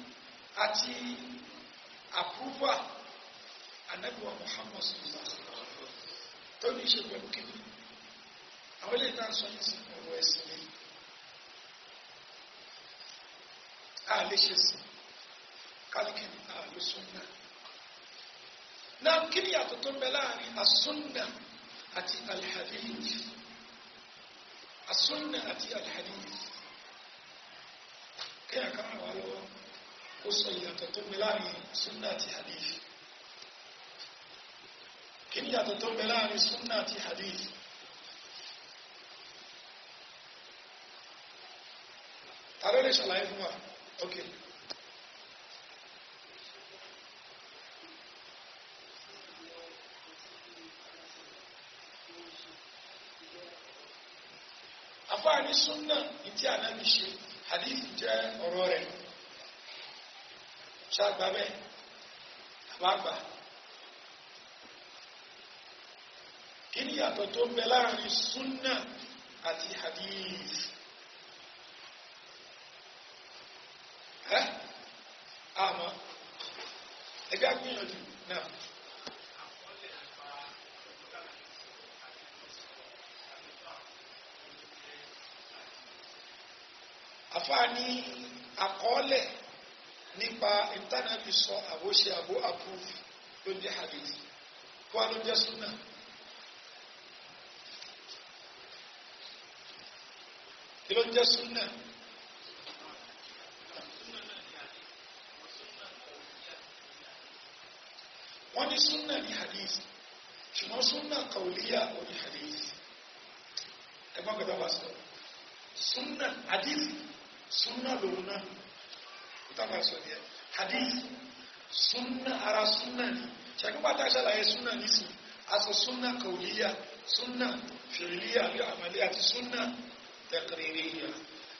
àti approval ànábì wa Muhammad sọlọ́lá tó ní í ṣe pẹ̀lú kini àwọn eléyìí náà sọ sí ọ̀rọ̀ ẹ̀sìn ká lè ṣe sí kálíkìní náà ló súnà náà kí ni yàtọ̀ tó ń bẹ láàrin asúnà àti alhadith asúnà àti alhadith kí a kára wà lọ́wọ́ ó sọ ìyàtọ̀ tó ń bẹ láàrin súnà àti hadith kí ni yàtọ̀ tó ń bẹ láàrin súnà àti hadith tàbí lè ṣàlàyé fún wa Okay. afaani sunna nti anabi ṣe hadithi jẹ ọ̀rọ̀ rẹ̀ ṣàgbà bẹ àbágbà kí ni yàtọ̀ tó ń bẹ láàrin sunna àti hadith. ẹ́ àmọ́ ẹjá gbìyànjú náà. àfáàní àkọọ́lẹ̀ nípa ìtànàbí sọ àbóṣe àbó approve ló jẹ́ hadith kó wá ló jẹ́ súnà. kí ló jẹ́ súnà? ní súnà ní hadith ṣùgbọ́n súnà kàwùlíyà ò ní hadith ẹgbọ́n kẹta wà sọ súnà hadith súnà lòun náà ìtàkà sọ ní ẹ hadith súnà ara súnà ní ṣàgbọ́n àtàṣàlàyé súnà nísìn aṣọ súnà kàwùlíyà súnà fìrìlíyà àbí àmàlẹ́ àti súnà tẹ̀kìrìrìyà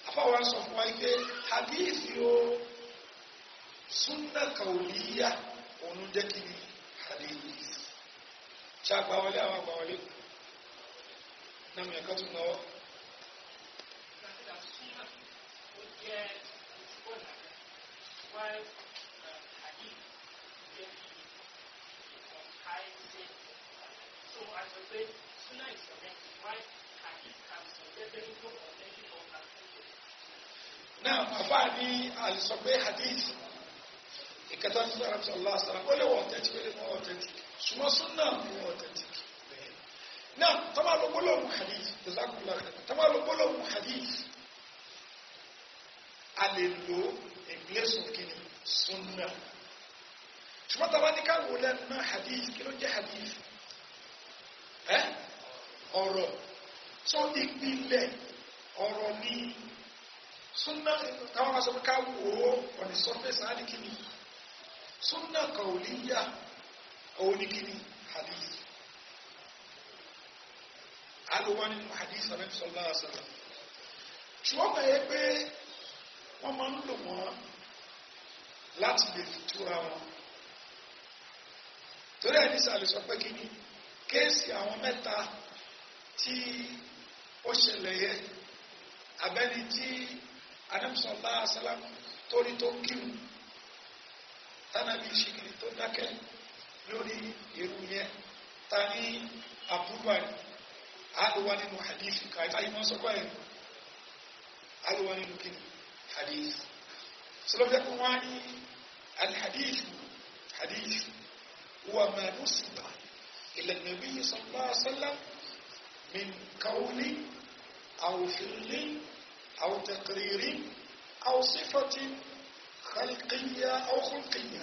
afọwọ́ sọ fún wa pé hadith yóò súnà kàwùlíyà òun àbí ṣe àgbàwọlé àwọn àgbàwọlé náà mẹ́kọ́ tún náwọ́ Now, Afa ni alisọ pé hadith ìkẹta ń gbára tí ọlá sára ó lè wọ authentic ó lè mọ authentic ṣùgbọ́n súnà mú authentic náà tọ́mà ló gbólóhùn hadith ìzákùnlá tọ́mà ló gbólóhùn hadith a lè lo ìgbésùn kìíní súnà ṣùgbọ́n tọ́mà ní káwò lẹ́nu náà hadith kí ló jẹ́ hadith ẹ́ ọ̀rọ̀ tó ìpìlẹ̀ ọ̀rọ̀ ní súnà táwọn aṣọ káwò on the surface àdìkìíní súnà kọ̀ọ̀lìyà oníkìní hadith alówọ́ nínú hadith anabi sallallahu alaihi wasallam ṣùgbọ́n bẹ̀yẹ pé wọ́n máa ń lò wọ́n láti lè fi túra wọn torí ẹni sàlẹ̀ sọ pé kí ni kéèsì àwọn mẹ́ta tí ó ṣẹlẹ̀ yẹ abẹ́ni tí anabi sallallahu torí tó kírun tana ṣe kiri tó dákẹ́ lórí irú yẹn ta ní àbúrò àrí alùwà nínú hadith kàìtà ìmọ̀ sọ́kọ̀ ẹ̀ alùwà nínú kiri hadith sọlọ́fẹ́ kún wá ní alhadith hadith huwa ma nusiba ila nabi sallallahu alaihi wasallam min qawli aw fi'lin aw taqririn aw sifatin خلقية أو خلقية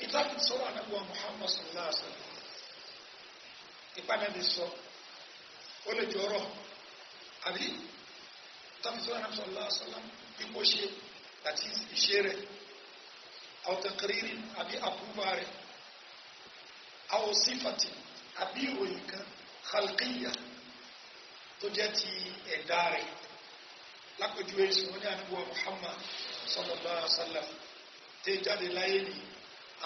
إطلاق الصورة نبوة محمد صلى الله عليه وسلم ìpàdé sọ ó lè jọrọ àbí tàbísọ́nà sọ́lá sọ́lá ipò ṣe àti ìṣe rẹ̀ àwọ̀tẹ̀kìrìrì àbí àpúbà rẹ̀ àwọ̀ sífàtì àbí ìròyìn kan khalqiyya tó jẹ́ ti ẹ̀dá rẹ̀ lápèjúwe sí wọn ní àdúgbò Muhammad sallallahu alaihi wasallam tẹ jáde láyé ni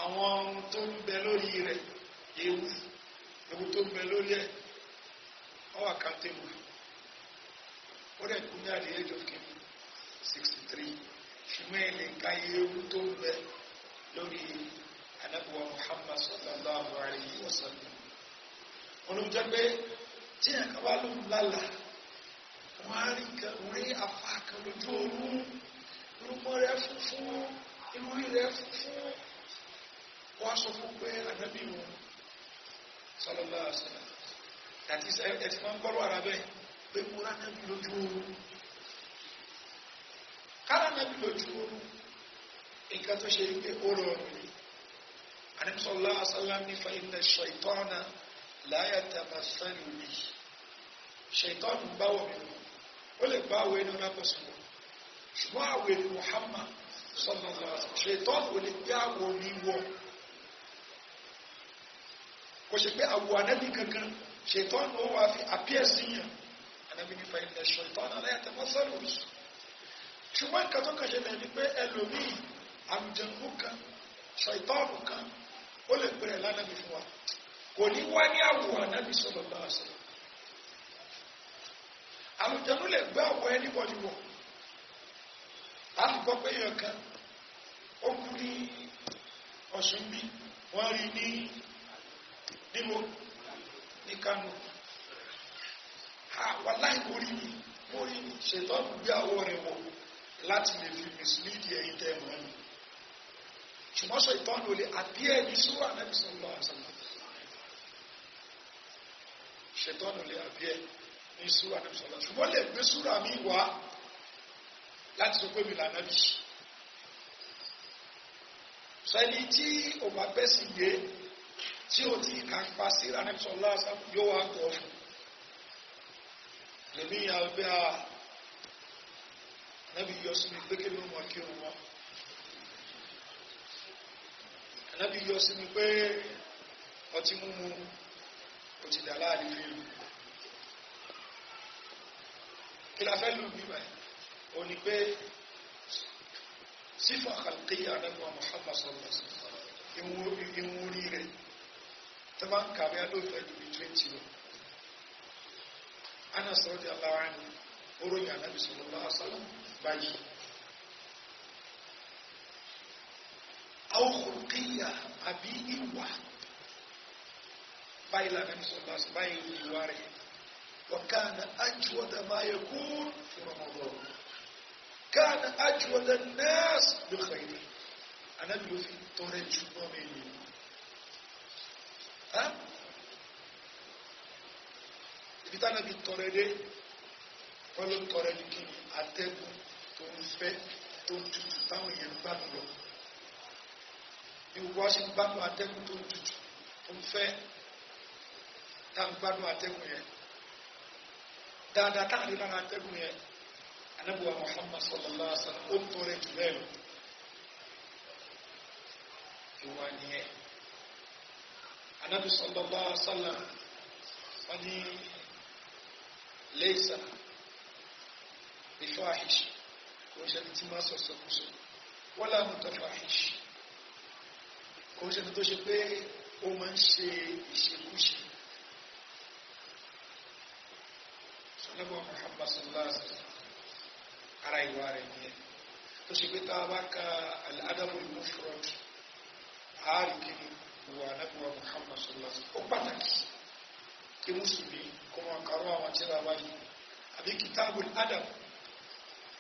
àwọn ohun tó ń bẹ lórí rẹ̀ ewu ewu tó ń bẹ lórí ẹ̀ ọwà kan tẹ́wù ó dẹ̀ kú ní àdé age of kìíní sixty three ṣùgbọ́n ẹ̀ lè ka ewu tó ń bẹ lórí àdúgbò Muhammad sallallahu alaihi wasallam olùjẹ́gbẹ́ tí ẹ̀ka wà lóun lálàá wọ́n á rí nǹkan rí àfa kan lójú oorun orúkọ rẹ̀ funfun irúrí rẹ̀ funfun wọ́n á sọ fún pé ànábì wọn sọlọ́lá àṣẹlá àti ẹ̀sìn máa ń gbọ́rọ̀ ara bẹ́ẹ̀ pé mo rá ànábì lójú oorun kára ànábì lójú oorun nǹkan tó ṣe pé ó rọrùn ni ànímsọ́lá àṣẹlá ní ilẹ̀ ṣọ ìtọ́nà láyà tàbá sẹ́lù mi ṣètọ́nù báwọ̀ mi ó lè gba àwẹ̀ ní ọ̀nà pọ̀sùlù ṣùgbọ́n àwẹ̀ ní Muhammad sọ̀nàlá ṣètọ́ kò lè gbé àwọ̀ mi wọ̀ kò ṣe pé àwọ̀ ànábì kankan ṣètọ́ ní ó wà fi àpíẹ̀ sí yàn ànábì nípa ilẹ̀ ṣètọ́ náà láyà tẹ́fọ́ sọ́lù ṣùgbọ́n nǹkan tó kàn ṣẹlẹ̀ ni pé ẹlòmíì àlùjànnú lè gbé àwọ̀ ẹnibọ̀dì wọ̀ a ti gbọ́ pé èèyàn kan ó kú ní Ọ̀ṣun bí wọ́n rí ní níbo ní Kánò wà láì mórí ni mórí ni ṣètọ́nù gbé àwọ̀ rẹ̀ wọ̀ láti lè fi mislead ẹ̀yìn tẹ́ ẹ̀mọ́ ni ṣùgbọ́n ṣètọ́nù lè àbí ẹni sùúrù Ànábì sallallahu alaihi ṣètọ́nù lè àbí ẹni ní súra nàbí sọlá ṣùgbọ́n lè gbé súra mi wá láti sọ pé mi là nàbí sẹ́ni tí o bá bẹ́ sí yé tí o ti kà ń pa síra nàbí sọlá yóò wá kọ́ fún lèmi àgbẹ̀ à nàbí yọ sí mi pé kí ló mọ̀ kí o wọ́n nàbí yọ sí mi pé ọtí mímu ó ti dà láàrin rírun kí la fẹ́ lù bí báyìí ó ní pé sífà kàlùkìyà àdẹ́gbọ́n Muhammad sọ̀rọ̀ ìwú orí rẹ̀ tó bá ń kàwé adóòfẹ́ lórí 20 lọ ana sọ̀rọ̀ di aláwa ni oróyìn ànábì sọ̀rọ̀ bá asálà báyìí àwòkùnkìyà àbí ìwà báyìí lànà sọ̀rọ̀ bá asálà báyìí ìwà rẹ̀ وكان أجود ما يكون في رمضان كان أجود الناس بخير أنا الذي تريد مؤمني ها ibi táwọn ibi tọrẹ dé wọn ló tọrẹ ní kí ni atẹ́gùn tó ń fẹ́ tó ń tutù táwọn èèyàn ń gbádùn lọ bí wọ́n ṣe ń gbádùn atẹ́gùn tó ń tutù tó ń fẹ́ táwọn gbádùn atẹ́gùn yẹn dáadáa káàdé lára atẹ́gùn yẹn anábùwà Muhammad sallallahu alaihi wasallam ó ń tọrẹ jù bẹ́ẹ̀ lọ ìwà nìyẹn anábì sallallahu alaihi wasallam wọn ní laysa bifahish kò ń ṣe ní tí máa sọ̀sọ̀ kù sọ wala mutafahish kò ń ṣe ní tó ṣe pé ó máa ń ṣe nígbà Muhammad sallallahu alaihi wasallam ara ìwà rẹ̀ nìyẹn tó ṣe pé tá a bá ka al-adabu al-mufrad ààrì kiri ìwà nígbà Muhammad sallallahu alaihi wasallam ó pàtàkì kí mùsùlùmí kó máa karọ́ àwọn tíra báyìí àbí kitabul adab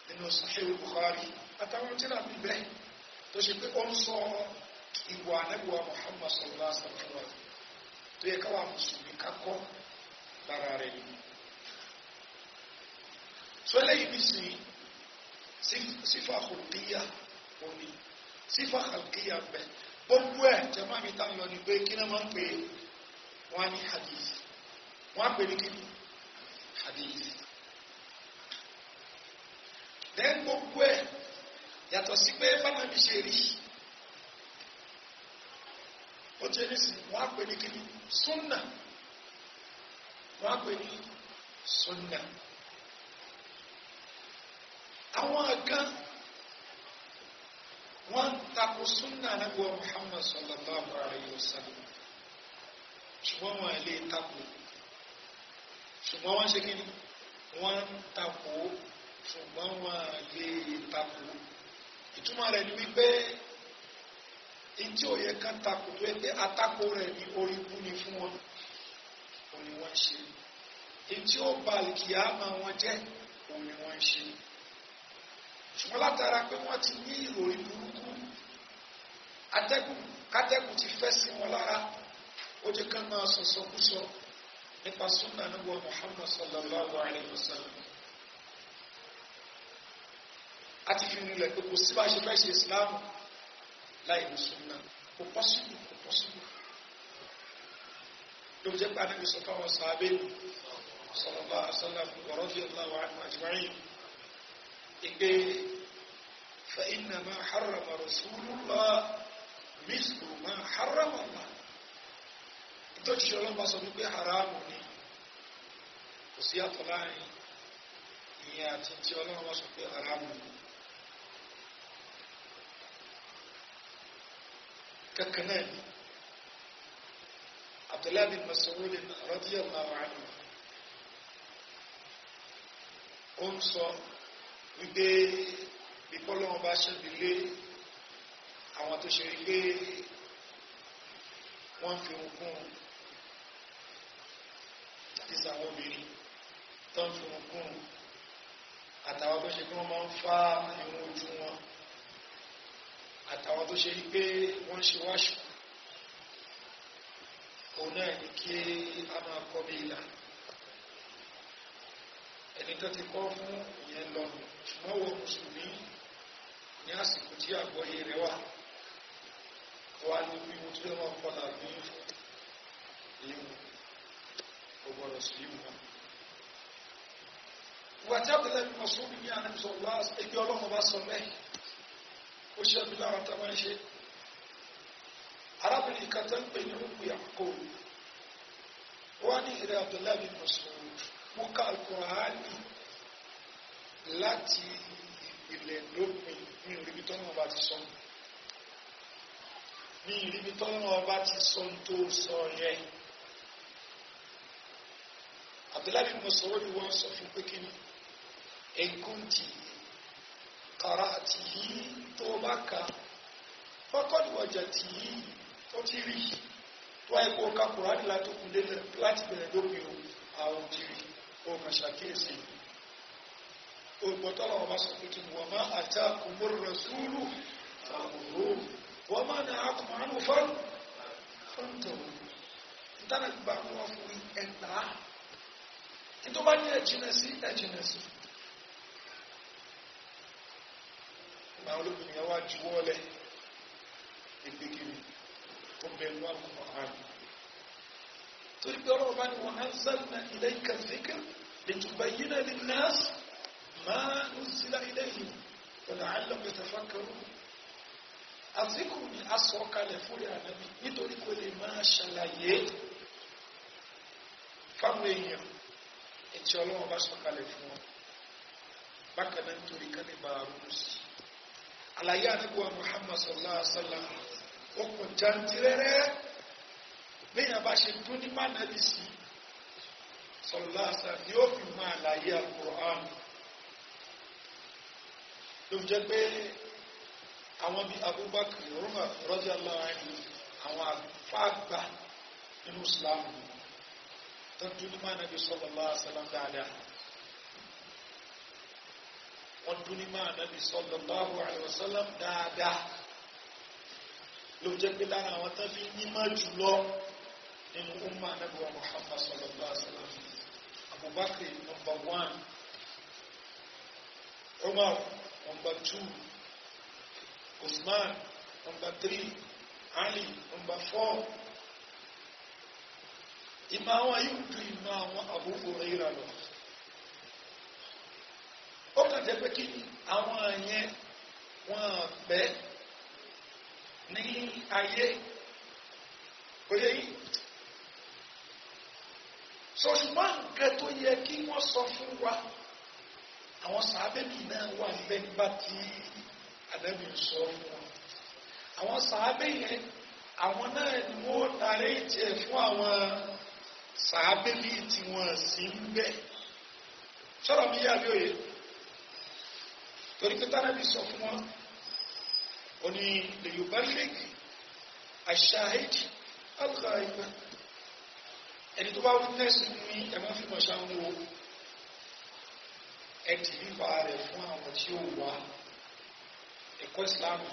nínú Sahih Bukhari àtàwọn tíra bí bẹ́ẹ̀ tó ṣe pé ó ń sọ ìwà nígbà Muhammad sallallahu tó yẹ káwa mùsùlùmí kakọ́ lára rẹ̀ nìyẹn sọlẹ́ yìí nísìnyí sífà kòkìyà òní sífà kòkìyà bẹ gbogbo ẹ jẹmọ mi tá n lọ ni pé kí ni wọn pè wọn ní hadith wọn pè ní kíni hadith dẹ́n gbogbo ẹ yàtọ̀ sí pé báwọn mi ṣe rí ó jẹ́ nísìnyí wọn pè ní kíni sunna wọn pè ní sunna àwọn kan wọ́n ń takò súnà anábíwá Muhammad sallallahu alayhi wa sallam ṣùgbọ́n wọn lè takò ṣùgbọ́n wọ́n ṣe kí ni wọ́n ń takò ṣùgbọ́n wọn lè takò ìtumọ̀ rẹ̀ ni wípé ntí ò yẹ takò tó yẹ pé atakò rẹ̀ ni orí kú ni fún wọn òní wọ́n ṣe ntí ó ba àlìkìyà wọn jẹ́ òní wọ́n ṣe ṣùgbọ́n látara pé wọ́n ti ní ìròyìn burúkú atẹ́gùn kátẹ́gùn ti fẹ́ sí wọn lára ó jẹ́ ká máa sọ̀sọ̀kúsọ nípa súnà níwọ̀ Muhammad sallallahu alayhi wa sallam a ti fi rinlẹ̀ pé kò sí bá ṣe fẹ́ ṣe ìsìláàmù láì ní súnà kò pọ́sibù kò pọ́sibù ló jẹ́ pé anábì sọ fáwọn sàábẹ́ sallallahu alayhi wa sallam wa radiyallahu فإن ما حرم رسول الله مثل ما حرم الله إنتو تشعر ما صنوك حرام وسيا طلعي يا تنتي والله ما صنوك حرام ككنان عبد الله بن مسعود رضي الله عنه قم صنوك wípé ìpọ́lọ́wọ́n bá ṣẹ́bi lé àwọn tó ṣe wípé wọ́n fi ogún àti sàwọn obìnrin tó ń fi ogún àtàwọn tó ṣe pé wọ́n máa ń fá ìwọ̀n ojú wọn àtàwọn tó ṣe wípé wọ́n ṣe wáṣù òun náà ní kí a máa kọ́ bí ìlànà ẹni tó ti kọ́ fún ìyẹn lọ́nà ṣùgbọ́n wọ mùsùlùmí ní àsìkò tí àgbọ́yé rẹ̀ wà wà ní wíwú tí ó máa padà ní ìhù ọgbọ̀rọ̀ sí ìhù náà wà tí àbúlẹ̀ bí mọ̀sùlùmí ní àníṣọ́ wá ẹgbẹ́ ọlọ́run bá sọ mẹ́yìn ó ṣe ẹbí lára tá máa ṣe arábìnrin kan tó ń pè ní òkú yàkó wọ́n ní ìrẹ́ àbúlẹ̀ bí mọ̀sùlùmí wọ́n ka alukur'ani láti ìpìlẹ̀ lópin ní ìrírí tọ́nà ọba ti sọ ní ìrírí tọ́nà ọba ti sọ tó sọ yẹ abdullahi musawo ni wọ́n sọ fún pé kí ẹ̀kúntì kàrà àti yìí tó bá ka fọ́kọ́dù ọjà yìí tó ti rí tó ẹ̀kọ́ kakùrá láti bẹ̀rẹ̀ lópin o àwọn òjìrì kó kàn ṣàkíyèsí ògbọ́tọ́lọ̀ ọba sọ pé kí ni wọ́n máa àti àkùnmọ́rù rẹ̀ súúrù àwòrò wọ́n máa ní àkùnmọ́rù àánú fọ́ọ̀rù fọ́ǹtọ̀rù ìtànà gbà wọn fún ẹ̀dá tó bá ní ẹ̀jìnà sí ẹ̀jìnà sí ìgbà olóbìnrin wa juwọ́ lẹ̀ ìgbégi tó bẹ̀rù àkùnmọ́ àánú torí pé ọlọ́run bá ní wọn anzalna ilayka dhikr litubayyina linnas ma nuzila ilayhim wa la'allahum yatafakkarun àzíkù ni a sọ kalẹ̀ fúnra ànábì nítorí kò lè máa ṣàlàyé fáwọn èèyàn ètí ọlọ́run bá sọ kalẹ̀ fún wọn bákan náà nítorí kan ní bàá rú sí àlàyé àdúgbò Muhammad sallallahu alaihi wa sallam ó kò jàǹtìrẹ́rẹ́ bẹ́ẹ̀ bá ṣe dún ní mánàbí sí sọ̀rọ̀láṣà ni ó fi máa láyé Al-Qur'an ló jẹ́ pé àwọn bí Abubakar rúmà radiyallahu anhu àwọn àfáàgbà nínú Islam tó dún ní mánàbí sọ̀rọ̀láṣà dáadáa wọ́n dún ní mánàbí sallallahu alaihi wasallam dáadáa ló jẹ́ pé lára àwọn tán ní má jùlọ nínú umma anabiwa muhammad sallallahu alaihi wa sallam abubakar number one umar number two usman number three ali number four ìmọ̀ àwọn yìí ń dùn ìmọ̀ àwọn Abu Huraira lọ ó kàn jẹ́ pé kí ni àwọn yẹn wọ́n pẹ́ ní ayé oyè yìí sọ ṣùgbọ́n nǹkan tó yẹ kí wọ́n sọ fún wa àwọn sàábẹ́bì náà wà níbẹ̀ nígbà tí ànábì ń sọ fún wa àwọn sàábẹ́ yẹn àwọn náà ni wọ́n darí ìtẹ̀ fún àwọn sàábẹ́bì tí wọ́n sì ń bẹ̀ sọ̀rọ̀ mi yá lóye torí pé tánàbì sọ fún wọn ó ní lè àṣà àìdí alùpàá ìgbà. ẹni tó bá wítẹ́sì ní ẹmọ́ fìmọ̀ sáwọ́ ẹ̀tì nípa rẹ̀ fún àwọn tí ó wà ẹ̀kọ́ ìsìláàmù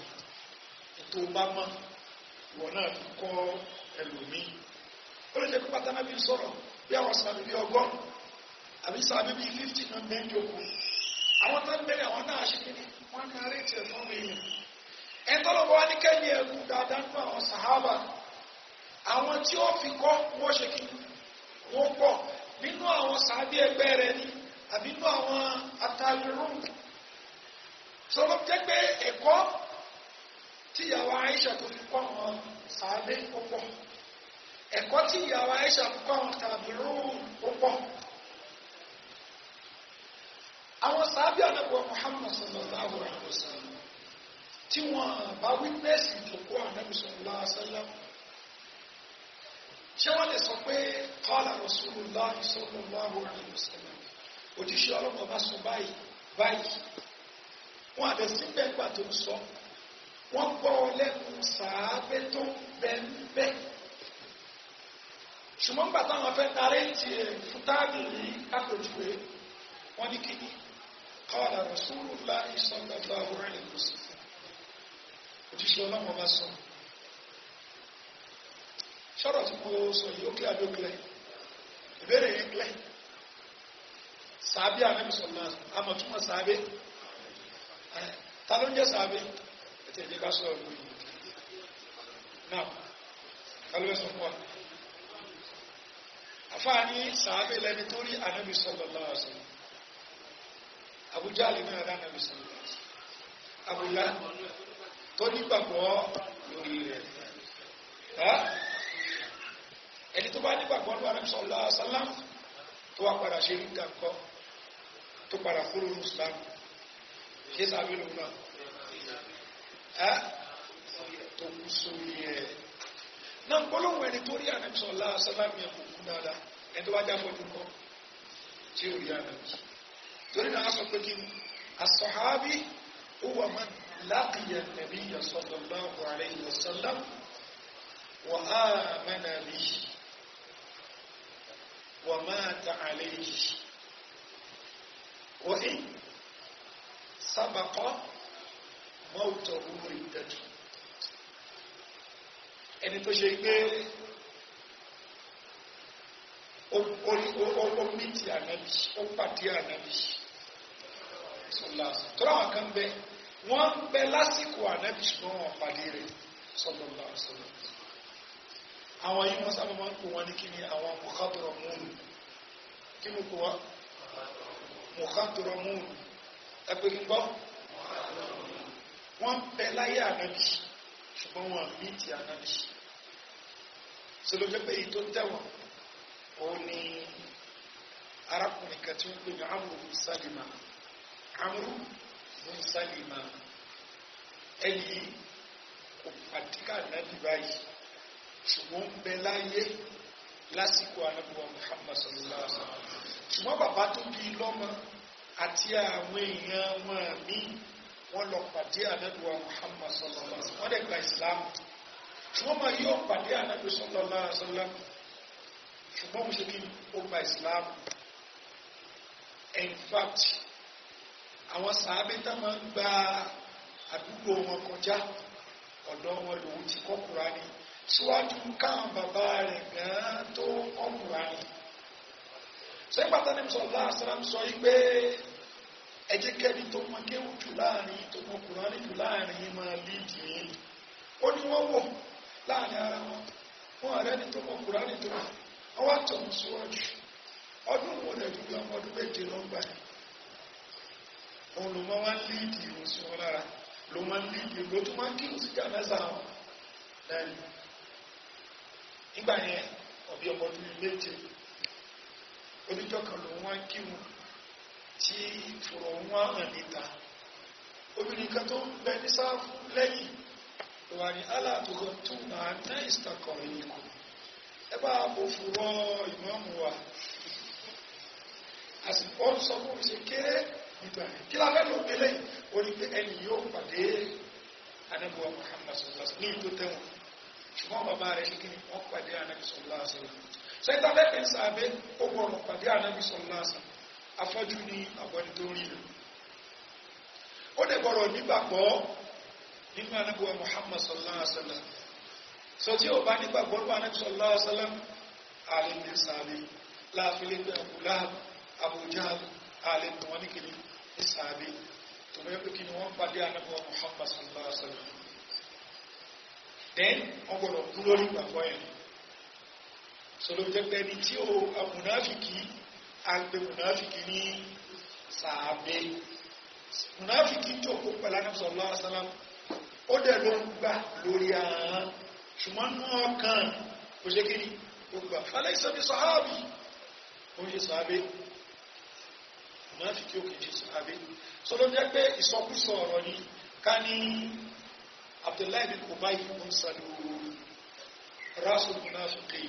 ètò bá náà fi kọ́ ẹlòmí ó lè jẹ́ pé pátánà bí sọ̀rọ̀ bí àwọn sàbí bí ọgọ́rùn àbí sàbí bí fífítì náà mẹ́rin okùn àwọn tó ń bẹ̀rẹ̀ àwọn náà ṣe kí ni wọ́n pọ̀ nínú àwọn sàábí ẹgbẹ́ rẹ̀ ni àbí nínú àwọn atalirun sọlọ jẹ́ pé ẹ̀kọ́ tí ìyàwó Aisha tó fi kọ́ àwọn sàábí púpọ̀ ẹ̀kọ́ tí ìyàwó Aisha fi kọ́ àwọn tàbírùn púpọ̀ àwọn sàábí àdàbọ̀ Muhammad sallallahu alaihi wasallam tí wọ́n bá wípẹ́sì tó kọ́ àdàbọ̀ sallallahu alaihi wasallam ṣé wọ́n lè sọ pé qala rasulullah sallallahu alaihi wasallam òjíṣẹ́ ọlọ́mọ bá sọ báyìí báyìí wọn àbẹ̀ síbẹ̀ gbà tó ń sọ wọ́n gbọ́ lẹ́nu sàábẹ́ tó ń bẹ́ ń bẹ́ ṣùgbọ́n gbà táwọn fẹ́ tàrẹ́ǹtì ẹ̀ fún tábìlì àpèjúwe wọ́n ní kíni qala rasulullah sallallahu alaihi wasallam òjíṣẹ́ ọlọ́mọ bá sọ báyìí ṣọ́rọ̀ tí mo sọ yìí ó kílẹ̀ àbí ó kílẹ̀ ìbéèrè yẹn kílẹ̀ sàábé àmì sọ̀lá àmọ̀túnmọ̀ sàábé ta ló ń jẹ́ sàábé ètò ìdíkà sọ̀rọ̀ lórí náà kálọ́ sọ fún wa àfáàní sàábé lẹni tó rí ànábì sọ̀lá lọ́wọ́ sọ àbújá lè náà rá ànábì sọ̀lá àbújá tó nígbàgbọ́ lórí rẹ̀ ẹni tó bá nígbàgbọ́ ní wàhálà sọ̀lá àṣálá tó wá padà ṣe nígbà kọ́ tó padà kúrò ní islam ṣé sàbí lòun náà ẹ́ tó kú sórí ẹ̀ náà gbólóhùn ẹni tó rí ànábì sọ̀lá àṣálá mi ẹ̀kọ́ kú dáadáa ẹni tó bá já fọ́jú kọ́ tí ò rí ànábì torí náà a sọ pé kí as-sahabi huwa man laqiya an-nabiyya sallallahu alayhi wa sallam wa amana bihi ومات عليه وإن سبق موته ردته ẹni tó ṣe pé ó mìtì ànábì ó pàdé ànábì sọláàsì tó ráwọn kan bẹ wọ́n ń bẹ lásìkò ànábì ṣùgbọ́n wọ́n pàdé rẹ̀ sọlọ́lá sọlọ́lá àwọn yìí wọ́n sábà máa ń pè wọ́n ní kí ni àwọn mọ̀kátọ̀rọ̀ múlù kí ni kò wá mọ̀kátọ̀rọ̀ múlù ẹgbẹ́ kí n wọ́n bẹ láyé ànábì ṣùgbọ́n wọn bí ti ànábì ṣe tó tẹ̀wọ̀n òun ni arákùnrin kan tí wọ́n pè ní amúrú bin sálìmà amúrú bin sálìmà ẹni kò pàtíkà ànábì báyìí ṣùgbọ́n ń bẹ láyé lásìkò anábùwà Muhammad sallallahu alaihi wa sallam ṣùgbọ́n bàbá tó bí lọ́mọ àti àwọn èèyàn wọn mí wọ́n lọ pàdé anábùwà Muhammad sallallahu alaihi wa sallam wọ́n dẹ̀ gba ìsìlámù ṣùgbọ́n máa yọ pàdé anábùwà sallallahu alaihi wa sallam ṣùgbọ́n mo ṣe kí ó gba ìsìlámù in fact àwọn sàábé tá máa ń gba àdúgbò wọn kọjá ọ̀dọ̀ wọn lòun ti kọ́ Kùránì suwaju nka baba rẹ̀ gan tó ọmọra ni ṣé pàtàkì ní sọ láàṣírà sọ yí pé ẹjẹ kẹni tó mọ kéwù jù láàrin tó mọ kùránì jù láàrin yìí máa lídìí yìí ó ní láàrin ara wọn wọn rẹ tó mọ kùránì tó wọn wá ọdún wo lè dúdú ọmọ ọdún méje nígbà yẹn ọ̀bí ọmọ ọdún méje oníjọ́ kan ló wá ń kí wọn tí ìfòrò wọn hàn níta obìnrin kan tó ń bẹ ní sáfù lẹ́yìn wà ní aláàbòkọ tó máa ná ìsìtàkọ̀ ẹ̀yìn kù ẹ bá bó fòrò ìmọ̀ọ́mù wa àsìkò sọ fún mi ṣe kéré nígbà yẹn kí láfẹ́ ló gbé lẹ́yìn pé ẹni yóò pàdé anábọ̀ Muhammad sallallahu alaihi wasallam ní ìtò tẹ́wọ̀n ṣùgbọ́n bàbá rẹ̀ ní kíni wọ́n pàdé ànábì sallallahu alaihi wasallam ṣẹ́ta lẹ́pẹ̀ sàbẹ́ ó gbọ́rọ̀ pàdé ànábì sallallahu alaihi wasallam afọ́jú ní àbọ̀ni tó rí rẹ̀ ó lè gbọ́rọ̀ nígbàgbọ́ nínú ànábì wa Muhammad sallallahu alaihi wasallam sọ tí ó bá nígbàgbọ́ lọ́wọ́ ànábì sallallahu alaihi wasallam ààrẹ ní sàbẹ́ láàfin lẹ́pẹ̀ abu sallallahu alaihi wasallam then wọ́n gbọ́dọ̀ kú lórí ìgbàgbọ́ yẹn sọlọ jẹ́ pé ẹni tí ó amúnáfìkì agbe munafiki ní sàábé munafiki tó kó pẹ̀lú anamsọ lọ́wọ́ sálám ó dẹ̀ ló ń gbà lórí ahọ́n ṣùgbọ́n ní ọkàn kò ṣe kí ni ó gbà falẹ́ ìsọ̀bí sàábì ó ń ṣe sàábé munafiki ó kì í ṣe sàábé sọlọ jẹ́ pé ìsọkúsọ ọ̀rọ̀ ni ká ní abdullahi bin ubay bin salul rasul munafiki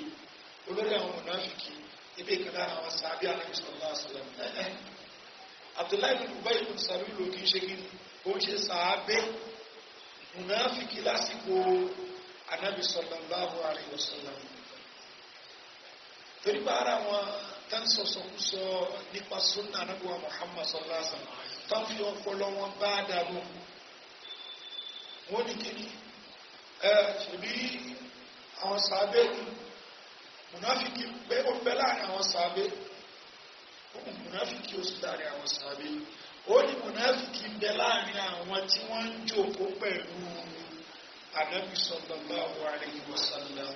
olórí àwọn munafiki ibi kan lára àwọn sàábí alayhi sallallahu alayhi wa sallam eh, eh. abdullahi bin ubay bin salul ló kìí ṣe kí ó ṣe sàábé munafiki lásìkò anabi sallallahu alayhi wa sallam torí bá ara wọn tán sọsọkúsọ nípa sunna anabi wa muhammad sallallahu alayhi wa sallam fi ọpọlọ wọn bá dàbò wọ́n ní kíni ẹ ṣèbí àwọn sàábé ni mùnáfíkì pé ó bẹ́ láàrin àwọn sàábé ohun mùnáfíkì ó sì láàrin àwọn sàábé ó ní mùnáfíkì ń bẹ láàrin àwọn tí wọ́n ń jòkó pẹ̀lú ànábì sallallahu alaihi wasallam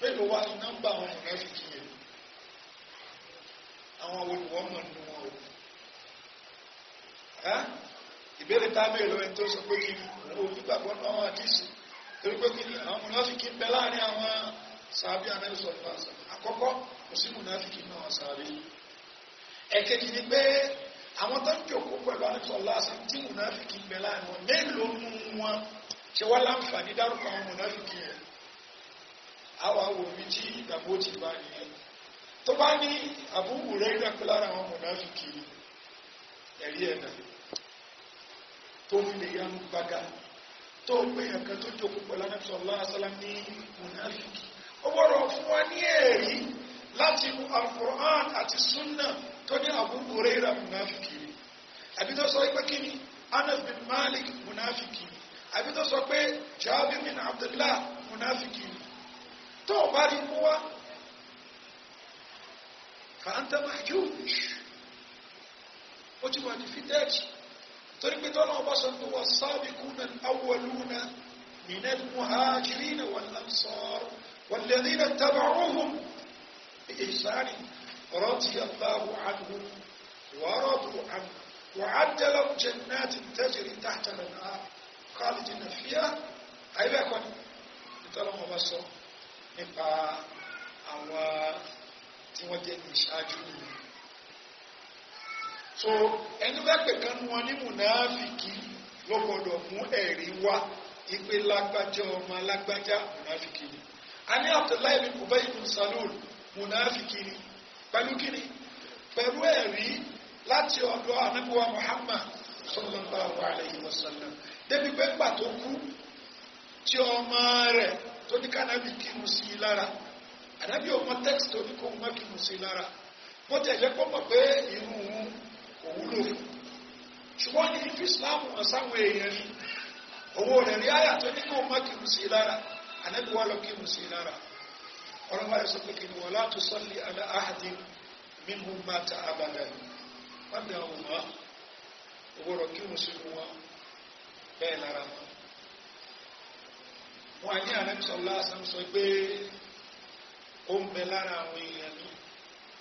pẹ̀lú wá ní nọ́mbà àwọn mùnáfíkì yẹn àwọn olùwọ́mọ̀ nínú wọn o ìbéèrè tábìlì lọ́wọ́ ẹni tó sọ pé kí àwọn olùgbàgbọ́ náà àdìsí torí pé kí ni àwọn mùnáfíkì bẹ láàrin àwọn sàábí anẹ́sọ̀ fàṣà àkọ́kọ́ kò sí mùnáfíkì náà sàábí ẹ̀kejì ni pé àwọn tó ń jòkó pẹ̀lú anẹ́sọ̀ lásán tí mùnáfíkì bẹ láàrin wọn mélòó mú wọn ṣe wọ́n láǹfààní dárúkọ àwọn mùnáfíkì yẹn àwọn awòmí tí ìgbàgbọ́ ti bá nìyẹn tó bá ní àbúrò rẹ̀ ń lára àwọn mùnáfíkì ẹ̀rí ẹ̀ tó ń lè yanu gbàgà tó pé ẹ̀kan tó jókòó pẹ̀lú anẹ́sọ̀ aláàsálá ní mùnáfíkì ó gbọ́dọ̀ fún wa ní ẹ̀rí láti inú alfur'an àti sunna tó ní Abu Hurairah mùnáfíkì rí àbí tó sọ pé kí ni Anas bin Malik mùnáfíkì àbí tó sọ pé Jabir bin Abdullah mùnáfíkì rí tó bá rí mú wa fa anta mahjuj ó ti wà ní fídẹ́ẹ̀tì torí pé tọ́lọ́ ọba sọ pé wọ́n sábì kúnà awọlúnà nínú muhajirina wal ansar walladhina taba'uhum bi ihsan radiyallahu anhum wa radu anhu وعد لهم جنات تجري تحت الانهار خالدين فيها هاي بكون nítorọ̀mọ̀ bá sọ nípa àwọn tí wọ́n jẹ́ ìṣáájú nìyẹn so ẹni bá pè kan nu wọn ní mùnáfìkì ló gbọ́dọ̀ mú ẹ̀rí wá ipe lágbájá ọmọ alágbájá mùnáfìkì ni a ní Abdullahi bin Ubay bin Salul mùnáfìkì ni pẹ̀lú kíni pẹ̀lú ẹ̀rí láti ọ̀dọ̀ anábíwá Muhammad sallallahu alayhi wa sallam débi pé ńgbà tó kú tí ọmọ rẹ̀ tó ní kánábì kírun sí i lára ànábì ọmọ tẹ́kìtì tó ní kó mọ́ kírun sí i lára bó tẹ̀ jẹ́ pé irun òun òwúlò ṣùgbọ́n ní fífi ìsìláàmù hàn sáwọn èèyàn ni owó rẹ̀ rí àyà tó ní kó má kí mú sí i lára ànábì wà lọ kí mú sí i lára ọlọ́wà rẹ̀ sọ pé kí ni wọ́n látò sọ́lé ala ahadin mímú máa ta abàdà ni wọ́n bẹ̀ wọ́n mọ́ owó rọ̀ kí sí wọn bẹ́ẹ̀ lára wọn. wọn àní ànábì sọ lásán sọ pé ó ń bẹ lára àwọn èèyàn ní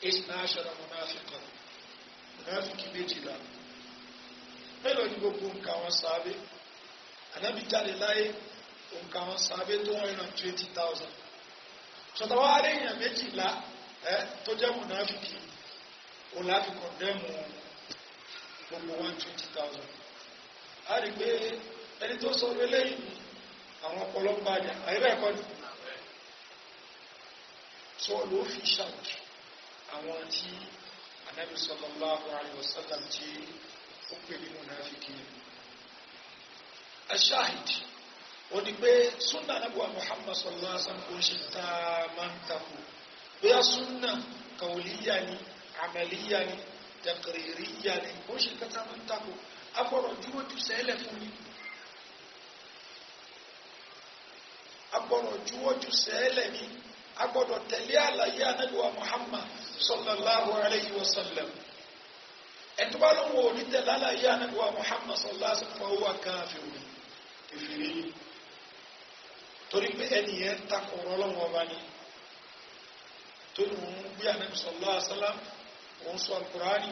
eight national monafic country mùnáfíkì méjìlá mélòó ni gbogbo nǹkan wọn sáré ànábì jáde láyé nǹkan wọn sáré tó one hundred twenty thousand sọtàwọn aréèyàn méjìlá ẹ tó jẹ́ mùnáfíkì òun láti kọ̀ndẹ́mù gbogbo one twenty thousand a rí pé ẹni tó sọ wẹlé yìí àwọn ọ̀pọ̀lọpọ̀ àjà àyẹ̀bẹ̀ ẹ̀kọ́ ni sọ ló fi ṣàwùjọ àwọn tí ànábì sallallahu alaihi wasallam tí ó pè ní mùnáfíkì aṣáàhìdì ó ní pé súnà ànábì wa Muhammad sallallahu alaihi wasallam kò ń ṣe tá a máa ń takò bóyá súnà kàwélíyà ni àmàlíyà ni tẹkẹrẹríyà ni kò ń ṣe tá a máa ń takò agbọ́dọ̀ dúró ju sẹ́lẹ̀ fún mi agbọ́dọ̀ dúró ju sẹ́lẹ̀ mi agbọ́dọ̀ tẹ̀lé àlàyé anábíwá muhammad sallallahu alayhi wa sallam ẹni tó bá ló ń wo ní tẹ̀lé àlàyé anábíwá muhammad sallallahu alayhi wa sallam fọwọ́ káfíru kẹfìrí torí pé ẹni yẹn takò rọlọ́wọ́ bá ní tó ní òun gbé anábí sallallahu alayhi wa sallam òun sọ alukurani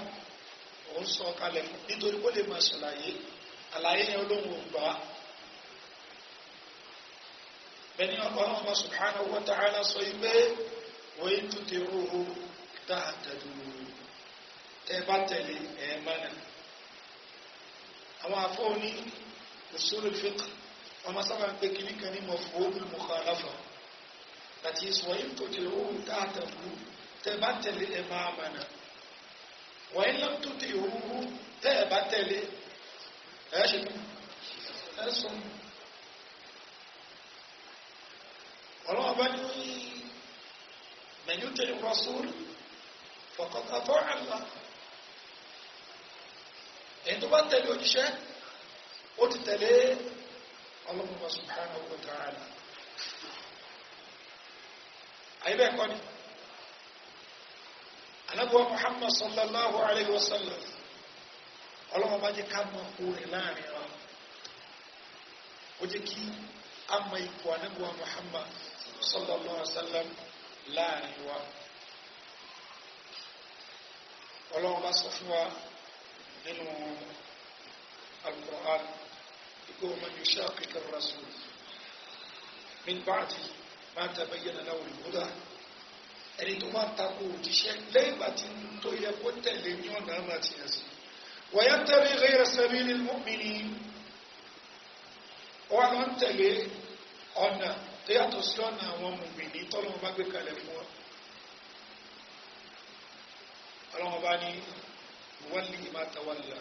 òun sọ kalẹ̀ nítorí kó lè máa ṣàlàyé àlàyé yẹn olóhùn ògbà bẹni ọlọ́run bá subhanahu wa ta'ala sọ ibé wòye tó ti rúhu dáadàdù tẹ bá tẹ̀lé ẹ̀ẹ́mánà àwọn afọ́ni usul al-fiqh ọmọ sábà ń pè kìíní kan ní mafhumul mukhalafa àti wòye tó ti rúhu dáadàdù tẹ bá tẹ̀lé ẹ̀ẹ́mánà wòye lọ́n tó ti rúhu tẹ bá tẹ̀lé ẹ̀ẹ́sùn ọlọ́run bá ní mẹ́yìn tẹ̀lé rasul fọ̀kọ̀tà tó àlá èyí tó bá ń tẹ̀lé òjíṣẹ́ ó ti tẹ̀lé ọlọ́run bá subhanahu wa ta'ala àyíbẹ̀ kọ́ ni anabuwa muhammad sallallahu alayhi wa sallam ọlọ́run bá jẹ́ ká mọ orin láàrin wa ó jẹ́ kí a mọ ipò anabuwa muhammad sallallahu alaihi wasallam láàrin wa ọlọ́run bá sọ fún wa القرآن يقول من يشاقك الرسول من ar ما تبين ba'di ma tabayyana lahu al-huda ẹni tó máa takò òjíṣẹ́ lẹ́yìn bá ti tó yẹ kó tẹ̀lé ní ọ̀nà àmà ti yẹ sí wa yattabi ghayra sabilil mu'minin wọ́n lọ ń tẹ̀lé ọ̀nà tó yàtọ̀ sí ọ̀nà àwọn mùmìnì tọ́lọ́wọ́n bá gbé kalẹ̀ fún wọn ọlọ́wọ́n bá ní wọ́lì ìmátawọ́là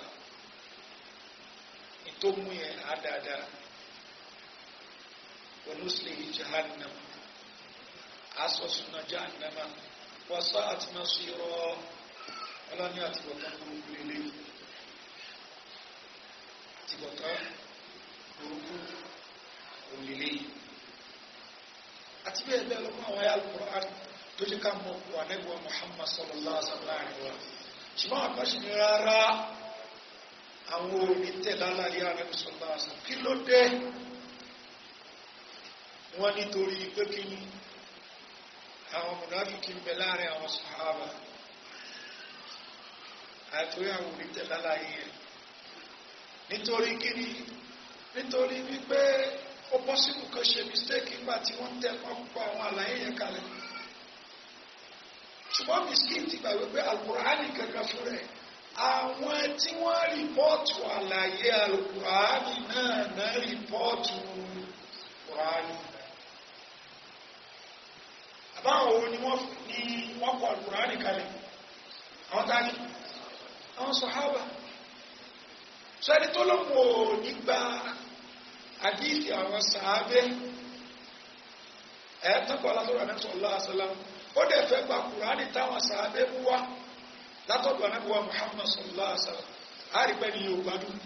ìtòmú yẹn àdáadáa ونسله جهنم عصصنا جهنم وساءت مصيرا ọlọ́ni àtìbọ̀tán burúkú lélẹ̀ àtìbọ̀tán burúkú òlélẹ̀ yìí àti bẹ́ẹ̀ bẹ́ẹ̀ lọ́mọ àwọn ayé alukur'an tó jẹ́ ká mọ̀ wà nẹ́gbọ̀n Muhammad sallallahu alaihi wa ṣùgbọ́n àkọ́ṣe ni rárá àwọn onítẹ̀ lálàyé àrẹ́bù sallallahu alaihi wa kí ló dé wọ́n nítorí pé kí ni àwọn mùnáfíkì ń bẹ nítorí kí ni nítorí wípé ó pọ́sibù kan ṣe mistake nígbà tí wọ́n tẹ pọ́pọ́ àwọn àlàyé yẹn kalẹ̀ ṣùgbọ́n miskin ti gbà wípé alukur'ani kankan fún rẹ̀ àwọn tí wọ́n rìpọ́ọ̀tù àlàyé alukur'ani náà náà rìpọ́ọ̀tù kur'ani àbáwọn òun ni wọ́n ní wọ́n kọ alukur'ani kalẹ̀ àwọn tá a ní àwọn sọ̀hábà sọ ẹni tó lọ́pọ̀ nígbà àdíìsì àwọn sàábẹ́ ẹ̀ẹ́tọ́kọ̀ látọ̀rọ̀ àmẹ́tọ̀ aláàsálàm ó dẹ̀ fẹ́ gba kùránì táwọn sàábẹ́ mú wá látọ̀dọ̀ àmẹ́wà Muhammad sallallahu alaihi wa àrígbẹ́ ni yóò gbádùn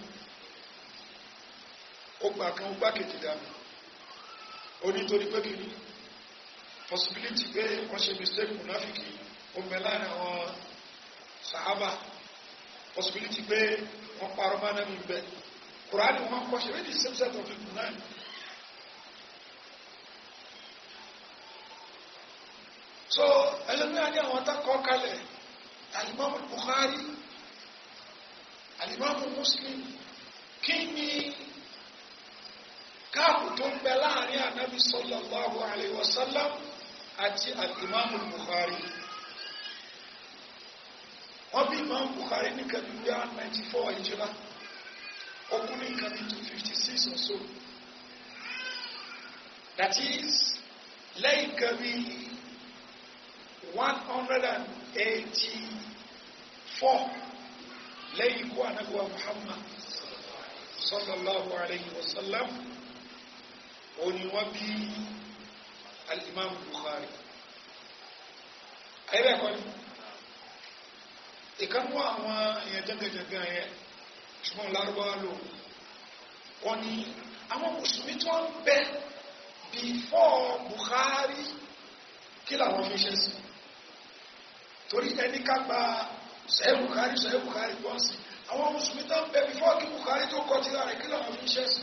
ó gbà kan ó gbà kejì dànù ó nítorí pé kìíní possibility pé wọ́n ṣe mistake munafiki ó mẹ́ láàrin àwọn sàábà possibility pé wọ́n parọ́ mọ́ náà mi bẹ́ẹ̀ Quran wọn kọ́ ṣe méjì same set of people náà so ẹlẹ́mìíràn ní àwọn tákọ́ kalẹ̀ alimami Bukhari alimami Muslim kí ni káàkù tó ń bẹ láàrin ànábi sallallahu alayhi wa sallam àti alimami Bukhari wọ́n imam Bukhari ni kẹ́lú yá 94 ìjìlá ó kú 56 or so that is like nǹkan 184. Like hundred and eighty four Muhammad sallallahu alayhi wa sallam òní wọ́n bí al-Imam Bukhari ayébẹ̀kọ́ ni ìkánú àwọn èèyàn jẹ́ ṣùgbọ́n lárúbáwá lò wọ́n ní àwọn mùsùlùmí tí wọ́n ń bẹ before Bukhari kí làwọn fi ṣe sí torí ẹni ká gba sẹ́yìn Bukhari sẹ́yìn Bukhari gbọ́n sí àwọn mùsùlùmí tó ń bẹ before kí Bukhari tó kọ tírà rẹ̀ kí làwọn fi ṣe sí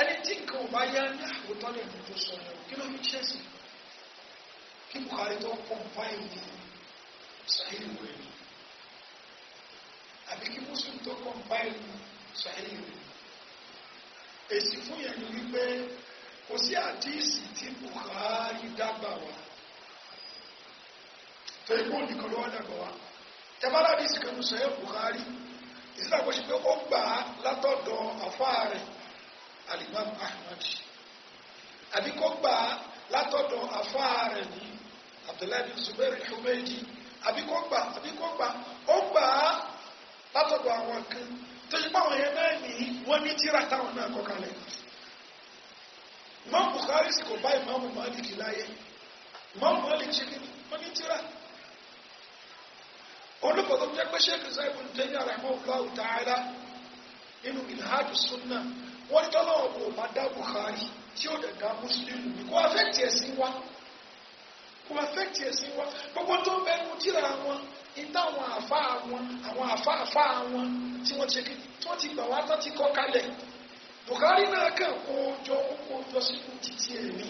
ẹni tí nǹkan ò bá yá ní àwòtán lè mú tó sọ ẹ̀ kí ló fi ṣe sí kí Bukhari tó kọ́ báyìí sẹ́yìn rẹ̀ àbí kí muslim tó compile sahih rẹ̀ èsì fún yẹn ni wípé kò sí àdíìsì tí Bukhari dágbà wá tó ikú nìkan ló wá dàgbà wá tẹ́bára àdíìsì kan sahih Bukhari ìsìlá kò sí pé ó gbà á látọ̀dọ̀ àfáà rẹ̀ alimam Ahmad àbí kó gbà á látọ̀dọ̀ àfáà rẹ̀ ní Abdullahi bin Zubair al àbí kó gbà àbí kó gbà ó gbà á látọ̀dọ̀ àwọn kan tó ṣe páwọn yẹn náà ní wọ́n ní tíra táwọn náà kọ kalẹ̀ Imam Bukhari sì kò bá Imam Malik láyé Imam Malik ṣe ní wọ́n ní tíra olùkọ́ tó jẹ́ pé Sheikh Zaybun tẹ́yìn àràmọ́ ọ̀gáwù ta'ala nínú Minhaj Sunnah wọ́n ní tọ́lọ́ ọ̀pọ̀ bá dá Bukhari tí ó dẹ̀ dá Muslim kó afẹ́tì ẹ̀sìn wa kó afẹ́tì ẹ̀sìn wa gbogbo tó ń bẹ́ẹ̀ mú tíra wọn ìtàwọn àfa àwọn àwọn àfa àfa àwọn tí wọ́n ti tí wọ́n ti gbà wá tán ti kọ́ kalẹ̀ Bukhari náà kàn kó jọ kó jọ sínú títí ẹ̀mí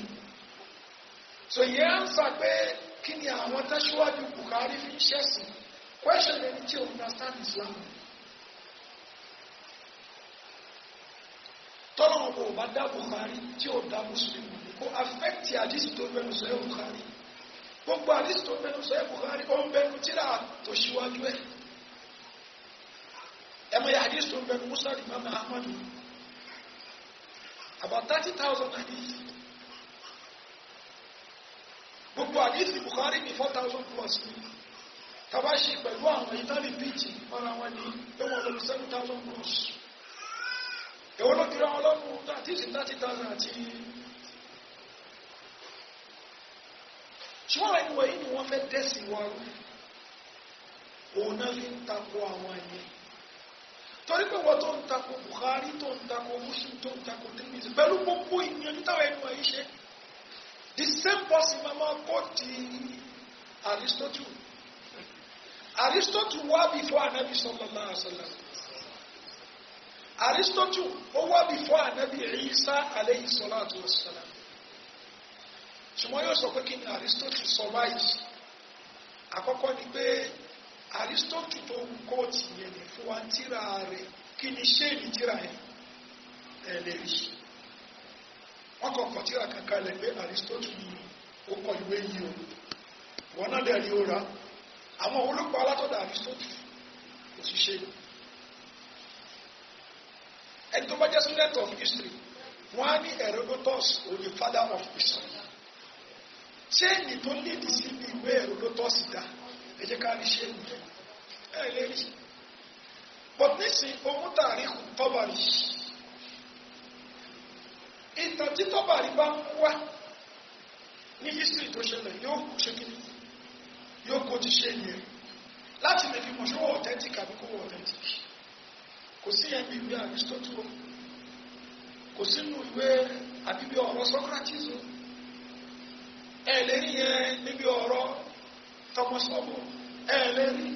so ìyẹn á ń sà pé kí ni àwọn tẹ́síwájú Bukhari fi ń ṣẹ̀sìn question ẹni tí o understand Islam tọ́lọ̀ ọ̀bọ̀ ò bá dá Bukhari tí ò dá Muslim kò affect your àdísì tó bẹ̀rù sọ́yọ́ Bukhari gbogbo àdísì tó mẹ́nu sọ Bukhari ó ń bẹnu tíra tó ṣíwájú ẹ̀ ẹmọ yà àdísì tó mẹ́nu musa di mama ahmadu about thirty thousand àdísì gbogbo àdísì Bukhari ní four thousand plus ní tàbá ṣe pẹ̀lú àwọn ìtàlì píìtì ọ̀rọ̀ àwọn ní ẹwọ̀n lórí seven thousand plus ẹwọ́n ló àwọn ọlọ́run àdísì thirty thousand àti ṣọ́ra ẹni wọ̀nyí ni wọ́n fẹ́ dẹ́sí wọn rú òun náà fi ń tako àwọn ẹ̀yẹ torí pé wọ́n tó ń tako Bukhari tó ń tako Muslim tó ń tako Tirmidhi pẹ̀lú gbogbo ìyẹn táwọn ẹni wọ̀nyí ṣe the same person máa máa kọ́ ti Aristotle Aristotle wá before Anabi sallallahu alaihi wasallam Aristotle ó wá before Anabi Isa alayhi salatu wassalam ṣùgbọ́n yóò sọ pé kí ni Aristotle sọ báyìí àkọ́kọ́ ni pé Aristotle tó ń kóòtù yẹn ní fún wa ń tíra rẹ̀ kí ni ṣé ní tíra yẹn ẹ lè rí wọ́n kàn kọ́ tíra kankan lẹ̀ pé Aristotle yìí ó kọ ìwé yìí o wọ́n náà dẹ̀ rí ó àwọn olùkọ́ alátọ́dà Aristotle kò sì ṣe ẹni tó bá jẹ́ student of history wọ́n á ní Herodotus òní father of history ṣéènì tó lédi sí ibi ìwé ẹ̀rọ ló tọ́ sí dá ẹ jẹ́ ká rí ṣéènì yẹn ẹ lè rí but nísìn ohun tààrí kù tọ́bàrí ìtàn tí tọ́bàrí bá ń wá ní history tó ṣẹlẹ̀ yóò kó ṣe kí yóò kó ti ṣéènì yẹn láti lè fi mọ̀ṣọ́ authentic àbí kó wọ authentic kò sí ẹbí ìwé Aristotle kò sínú ìwé àbíbí ọ̀rọ̀ Socrates o ẹ lè rí yẹn níbi ọ̀rọ̀ tọmọsọmọ ẹ lè rí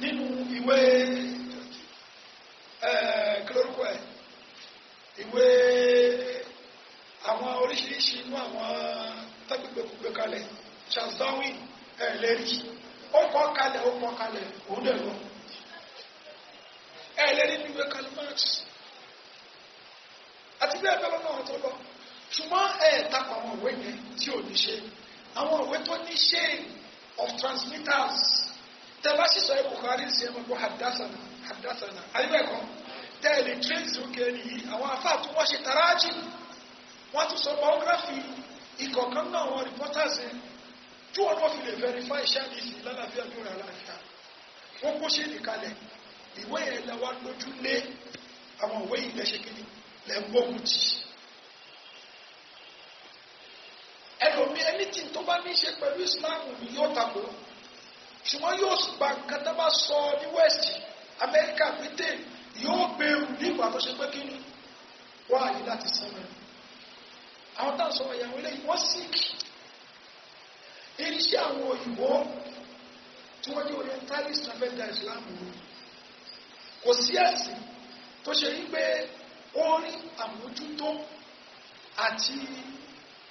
nínú ìwé kílórúkọ ẹ ìwé àwọn oríṣiríṣi inú àwọn tẹ́gbẹ̀gbẹ̀gbẹ̀ kalẹ̀ Charles Darwin ẹ lè rí ó kọ́ kalẹ̀ ó kọ́ kalẹ̀ òun dẹ̀ lọ ẹ lè rí àti bẹ́ẹ̀ bẹ́ẹ̀ lọ́nà ọ̀tọ̀ lọ ṣùgbọ́n ẹ̀ eh, takọ̀ àwọn ìwé yẹn tí ò ní ṣe àwọn ìwé tó ní ṣe of transmitters tẹ́lá sísọ ẹ̀ Bukhari sí ẹ̀ mọ̀gbọ́ hadasana hadasana ayébẹ̀kọ́ tẹ́lẹ̀ trains òkè ni yìí àwọn afá tó wọ́n ṣe taraji wọ́n ti sọ biography ìkọ̀ọ̀kan náà wọn reporters ẹ̀ tí wọ́n fi lè verify iṣẹ́ àdìsí lálàáfíà ní ọ̀rọ̀ àlàáfíà wọ́n kó ṣe nìkalẹ̀ ìwé ẹ̀ lẹ́wà lójú lé àwọn ìwé yìí lẹ́ṣẹ̀kẹ́ni lẹ́ńgbọ́kùtì ẹlòmí anything tó bá ní í ṣe pẹ̀lú islam ni yóò tako ṣùgbọ́n yóò gba nǹkan tó bá sọ ní west america britain yóò bẹ̀rù nígbà tó ṣe pé kí ni wọ́n àyè láti sẹ́wọ̀n àwọn táwọn sọ ìyàwó eléyìí wọ́n sick irinṣẹ́ àwọn òyìnbó tí wọ́n ní orientalist abẹ́dà islam ni kò sí ẹ̀sìn tó ṣe yí pé ó rí àmójútó àti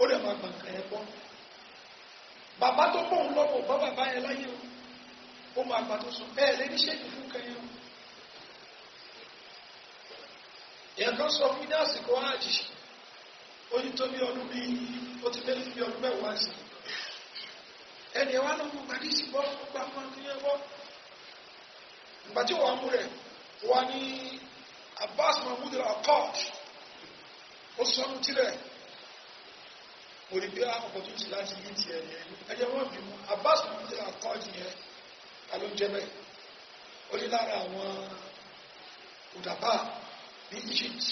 ó lè máa gbọ̀ǹkà yẹn gbọ́ bàbá tó pọ̀ ń lọ́wọ́ bá bàbá yẹn láyé o ó máa gbà tó sọ bẹ́ẹ̀ lè ní ṣèkì fún kẹyìn o kan sọ fún ní àsìkò áàjì ó ní tó bí ọdún bíi ó ti fẹ́ fi ọdún mẹ́wàá sí ẹnì wa ló mú gbàdísì bọ́ gbà máa ìgbà Abbas al orí bí ah, opportunity láti yí ti ẹ̀yẹ ẹjẹ́ wọ́n bí mú Abbas mohamed akọ́ọ̀dì yẹn alóúnjẹ́bẹ̀ ó ní lára àwọn òdàbà ní Egypt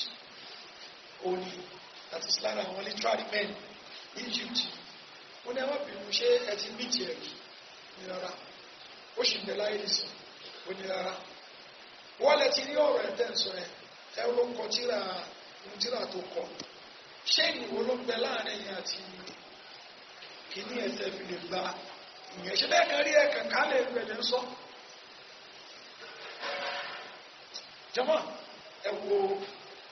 òní that is lára àwọn literary men ní Egypt ó ní àwọn bí mú ṣe ẹ ti mí ti ẹ̀rí ní rárá ó sì bẹ̀ láyé nìsín ó ní rárá wọ́n lẹ ti rí ọ̀rọ̀ ẹ̀ tẹ̀ ń sọ ń kọ tíra tó kọ ṣé ìwò ló ń bẹ láàrin yìí àti kìíní ẹsẹ̀ fi lè gba ìyẹn ṣe bẹ́ẹ̀ kan rí ẹ̀kàn ká lè lu ẹ̀lẹ́ ń sọ. jọmọ ẹ wo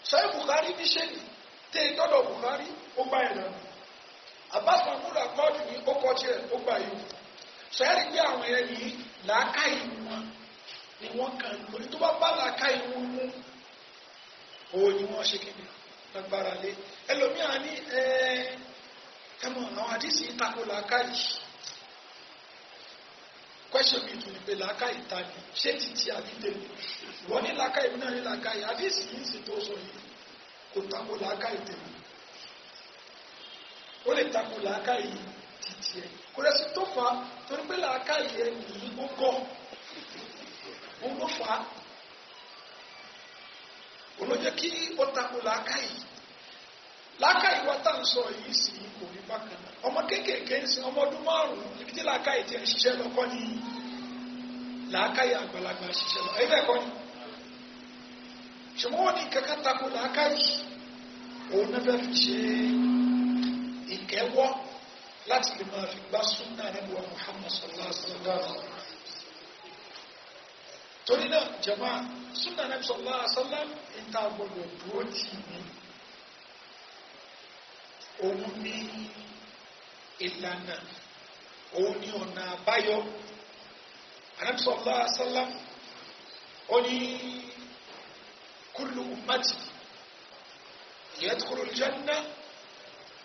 sọyí Bukhari ní ṣéyìn tẹ ìtọ́dọ̀ Bukhari ó gbá ẹ̀ lọ́nà Abbas mahmood akọ́ọ̀dù ní ó kọ́ tiẹ̀ ó gbà yìí sọyí rí pé àwọn ẹ̀yẹ yìí làákàyè wọn ni wọ́n kàn lórí tó bá bá làákàyè wọn mú òun ni wọ́n ṣe kéde lágbára lé ẹlòmíà ní ẹmọ ọ̀nà àdìsí ìtako làákàyè question mi tún ni pé làákàyè ta ni ṣé títí àdìtẹ̀lẹ̀ wọ́n ní làákàyè náà ní làákàyè àdìsí yìí sì tó sọ yìí kò tako làákàyè tẹ̀lẹ̀ ó lè tako làákàyè títí ẹ̀ kò rẹ̀ sí tó fa torí pé làákàyè ẹ̀ nìyí ó gọ̀ fa olójẹ́ kí ó takò làákàyè làákàyè wa tá à ń sọ yìí sí kò rí bákan náà ọmọ kéékèèké ń sin ọmọ ọdún márùn-ún ibi tí làákàyè ti ń ṣiṣẹ́ lọ́kọ́ ni làákàyè àgbàlagbà ṣiṣẹ́ lọ ẹgbẹ́ kọ́ ni ṣùgbọ́n wọ́n ní kankan takò làákàyè òun náà fẹ́ fi ṣe ìkẹ́wọ́ láti lè máa fi gbá súnà níbi wa Muhammad sallallahu alaihi wa sallam torí náà jẹ̀mọ́ súnà náà sọ̀lá àṣọ́lá ìta gbọ́dọ̀ dúró tì mí òun ní ìlànà òun ní ọ̀nà àbáyọ àrẹ́sọ̀lá àṣọ́lá ó ní kullu ummati yadkhulu aljanna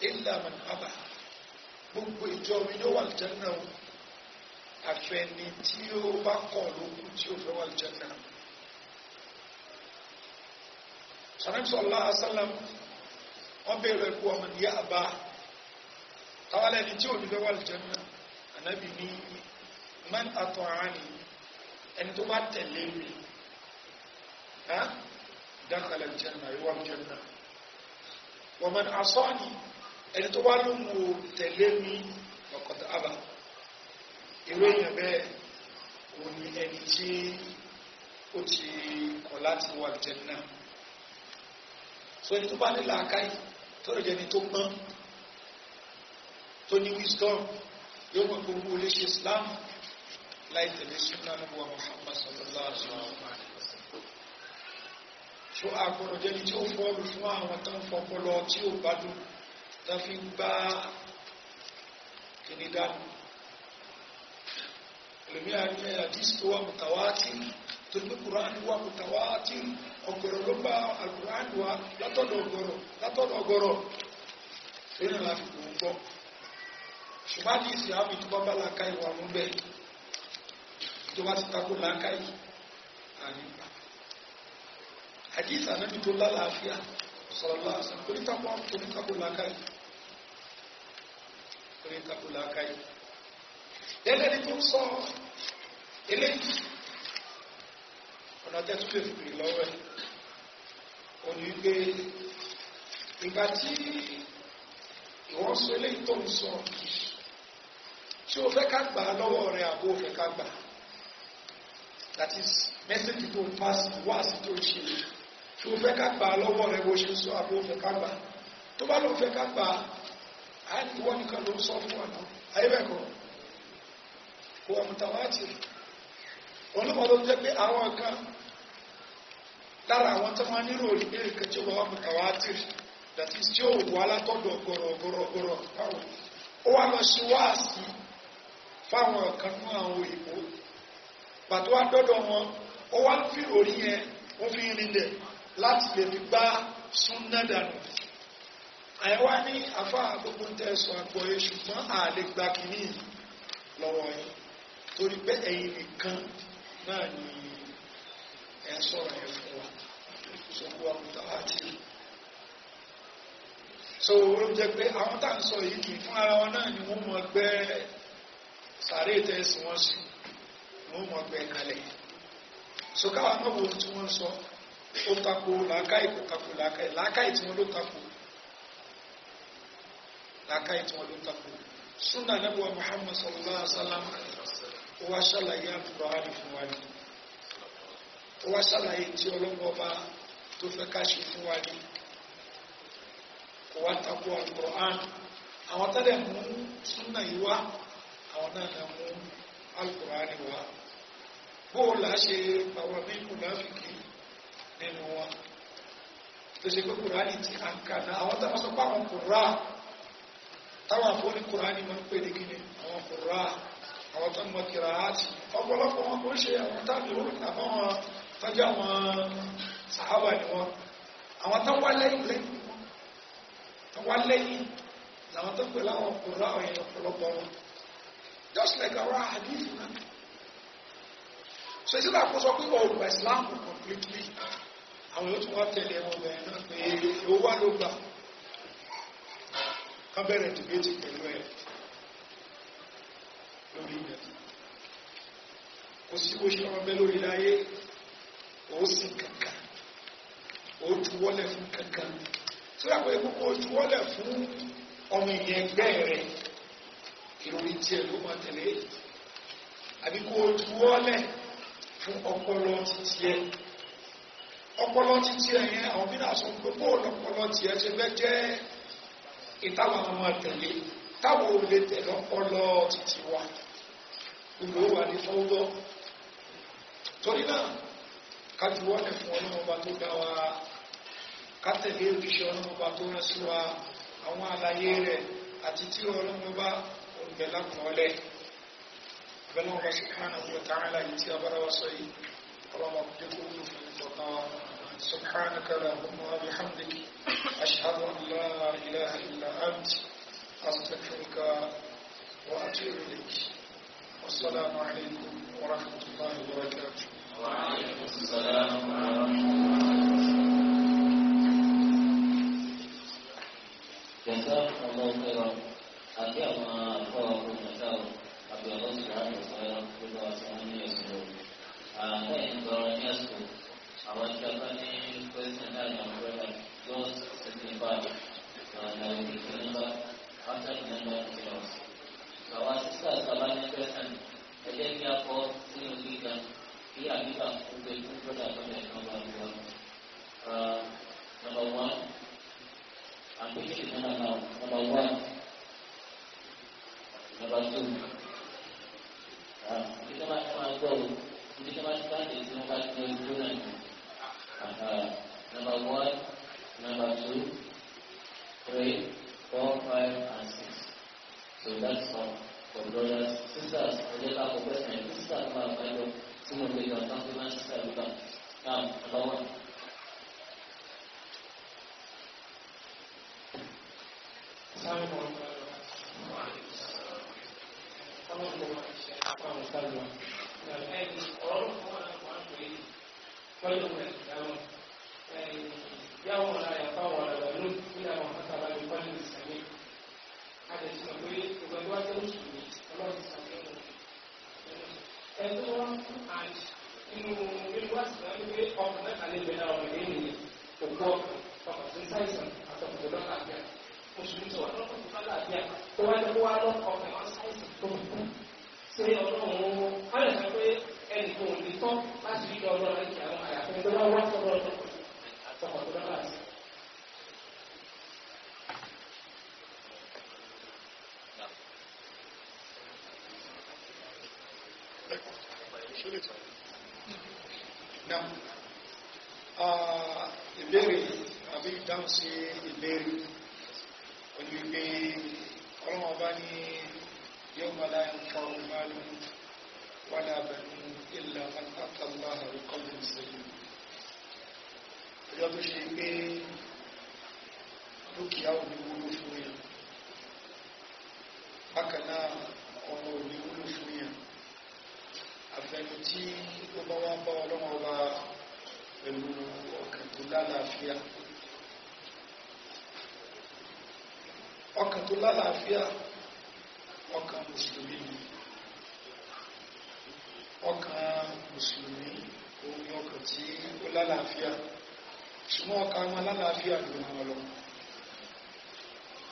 illa man aba gbogbo ìjọ mi ló wà aljanna àfẹni tí ó bá kọ̀ lókun tí ó fẹ́ wà lè jẹ́nà sàrẹ́sọ̀lá asálàm wọ́n bèèrè ẹ̀kú ọmọ ní àbá tàwálẹ̀ ní tí ò ní fẹ́ wà lè jẹ́nà ànábì ní man àtọ̀ àárín ẹni tó bá tẹ̀lé mi dákàlẹ̀ jẹ́nà yóò wà lè jẹ́nà wọ́n man asọ́ ẹni tó bá lóhun tẹ̀lé mi ọkọ̀tà àbá irú èèyàn bẹ́ẹ̀ kò ní ẹni tí ó ti kọ̀ láti wà Janna so ẹni tó bá ní làákàyè tó rẹ̀ jẹ́ni tó pọ́n tó ní wisdom yóò mọ̀ gbogbo olè ṣe Islam láì tẹ̀lé sunnah níbo wa Muhammad sallallahu alaihi wa sallam so agbọ́dọ̀ jẹ́ni tí ó fọ́ọ̀lù fún àwọn tó fọpọlọ tí ó gbádùn tó fi gbá kìnnìdánù ẹlòmíà ní àdísì tó wà mùtàwátìr torí pé kùránì wà mùtàwátìr ọ̀gọ̀rọ̀ ló bá àkùránì wa latodogoro latodogoro látọ̀dọ̀ ọ̀gọ̀rọ̀ lórí àwọn àfikún gbọ́ ṣùgbọ́n àdísì àmì tó bá bá làákà ìwà mú bẹ́ẹ̀ tó bá ti takò làákà yìí àníbà àdísì ànábì tó lálàáfíà sọ̀rọ̀lá àṣà onítàkùn àmì tó ní takò làákà yìí onítàkùn làákà yìí gẹ́gẹ́ bí tó ń sọ eléyìí ọ̀nà tẹ́tù lè fi lọ́wọ́ ẹ̀ ó ní wípé ìgbà tí ìwọ́n sọ eléyìí tó ń sọ yìí tí o fẹ́ ká gbà á lọ́wọ́ rẹ àbó o fẹ́ ká gbà that is message to pass wá sí tó ṣe tí o fẹ́ ká gbà á lọ́wọ́ rẹ bó ṣe sọ àbó o fẹ́ ká gbà á tó bá lóun fẹ́ ká gbà á á ní wọ́n nìkan ló ń sọ fún wa náà huwa mutawatir wọn ló mọ ló jẹ́ pé àwọn kan lára àwọn tó máa nírò rí pé nǹkan tí ó wà mutawatir that is tí ó wà látọ̀dọ̀ gọ̀rọ̀gọ̀rọ̀gọ̀rọ̀ táwọn ó wá lọ sí wáàsí fáwọn kan ní àwọn òyìnbó pàtó wá dọ́dọ̀ wọn ó wá fi orí yẹn ó fi rin láti lè fi gbá súnná dànù àyẹ̀wá ní afá gbogbo tẹ̀sán àgbọ̀yé ṣùgbọ́n àlè gbà kìíní lọ́wọ́ yìí torí pé ẹ̀yin nìkan náà ni ẹ̀ sọ̀rọ̀ ẹ̀ fún wa sọ̀kú àwùjọ àti rí so ó jẹ́ pé àwọn tá à ń sọ yìí kì í fún ara wọn náà ni wọ́n mọ̀ gbẹ́ sàárè tẹ̀sí wọn sí wọ́n mọ̀ gbẹ́ kalẹ̀ so káwọn náà wo tí wọ́n sọ ó tako làákàyè kò tako làákàyè làákàyè tí wọ́n ló tako làákàyè tí wọ́n ló tako sunna nabuwa muhammad sallallahu alaihi wa sallam ó wá ṣàlàyé àkùrọ̀ àrì fún wa ní ó wá ṣàlàyé tí ọlọ́wọ́ bá tó fẹ́ ká ṣe fún wa ní kò wá tako àkùrọ̀ àrì àwọn tẹ́lẹ̀ mú súnà yìí wá àwọn náà náà mú àkùrọ̀ àrì wá bóò là á ṣe àwọn mímú láfìkì nínú wọn tó ṣe pé kùránì ti à ń àwọn táwọn sọ pé àwọn kùrá táwọn àfọ́ní kùránì máa ń pè ní kíni àwọn kùrá àwọn tó ń mọ kìrà áàtì ọ̀pọ̀lọpọ̀ wọn kò ń ṣe àwọn tábí wọn àbáwọn tọ́jú àwọn sàhábà ni wọn àwọn tó wá lẹ́yìn lẹ́yìn wọn tó wá lẹ́yìn làwọn tó pèlú àwọn just like our hadith man so ìsìlẹ̀ àkóso pé ọ̀gbà Islam completely àwọn yóò tún wá tẹ̀lé wọn bẹ̀rẹ̀ náà pé owó wà ló gbà kan bẹ̀rẹ̀ pẹ̀lú ẹ̀ lórí ilẹ̀ kò sí bó ṣe ọmọ bẹ lórí láyé ó sì kankan ó juwọ́lẹ̀ fún kankan tí ó àpẹẹrẹ púpọ̀ juwọ́lẹ̀ fún ọmọ ìyẹn ẹgbẹ́ rẹ ìròyìn tiẹ̀ ló máa tẹ̀lé àbí kó o juwọ́lẹ̀ fún ọpọlọ títí ẹ ọpọlọ títí ẹ yẹn àwọn bí náà sọ pé bóòlù ọpọlọ tiẹ̀ ṣe fẹ́ jẹ́ ìtàwọn ọmọ tẹ̀lé táwọn ò lè tẹ̀ lọ́pọ̀lọ́ títí wa gbogbo wà ní fọ́wọ́ torí náà kájú wọ́n lè fún ọlọ́mọba tó dá wa kátẹ̀lé òjíṣẹ́ ọlọ́mọba tó rán sí wa àwọn àlàyé rẹ̀ àti tí ọlọ́mọba òǹgbẹ̀ lápọ̀ọ́lẹ̀ abẹ́lọ́mọba subhanahu wa ta'ala yìí tí abára wa sọ yìí ọlọ́mọ kúndé kó wúlò fún ìtọ́ta wa subhanaka lahumma wa bihamdiki ashhadu an la ilaha illa استغفرك واتوب اليك والسلام عليكم ورحمه الله وبركاته وعليكم السلام ورحمه الله جزاكم الله خيرا أتي أنا ما أخبره المشاعر عبد الله سبحانه وتعالى كل أسماء يسوع أنا إن دارني أسوء أنا كفاني كل سنة يوم كل يوم سنتين بعد أنا أريد أن أقول contact number and emails. So our sister is Sabani person, the lady of all senior leader, he and Lisa will be put on the number one. Uh, number one, i number one, number two. Kita masih mahu tahu, kita masih tanya, kita masih mahu tahu. Number one, number two, three. 4, 5, and 6. So that's all for brothers. Sisters, I just have a question. Sisters, my fellow, some of you are something my sister will come. Now, one. Thank you. sáìsàn àtọ̀kùnkùn lọ́la àbíà oṣù tó wà lọ́kùnkùn lọ́la àbíà ó wá ní kó wá lọ́kọ̀ pẹ̀lú sáìsàn tó ń kú ṣé ọlọ́run owó ká lè sọ pé ẹnì kò ní tán láti rí ọlọ́run láti àwọn àyàfẹ́ tó wá wá sọ́dọ̀ àtọ̀kùnkùn lọ́la àbíà. Now, uh, ìbéèrè yìí àbí ìdáhùn sí ìbéèrè pẹ̀lú ìgbé ọlọ́run ọba ní yóò máa láyé ń fa ohun máa lò wà lábẹ̀rún ilẹ̀ àtàlá àríkọ́lù ìṣẹ̀lẹ̀ ọjọ́ tó ṣe pé dúkìá ò ní wúlò fún tí ó bá wá bá ọlọ́run ọba pẹ̀lú ọkàn lálàáfíà. ọkàn tó lálàáfíà ọkàn mùsùlùmí ni ọkàn mùsùlùmí òun ni ọkàn tí ó lálàáfíà ṣùgbọ́n ọkàn àwọn alálàáfíà ló ràn wọn lọ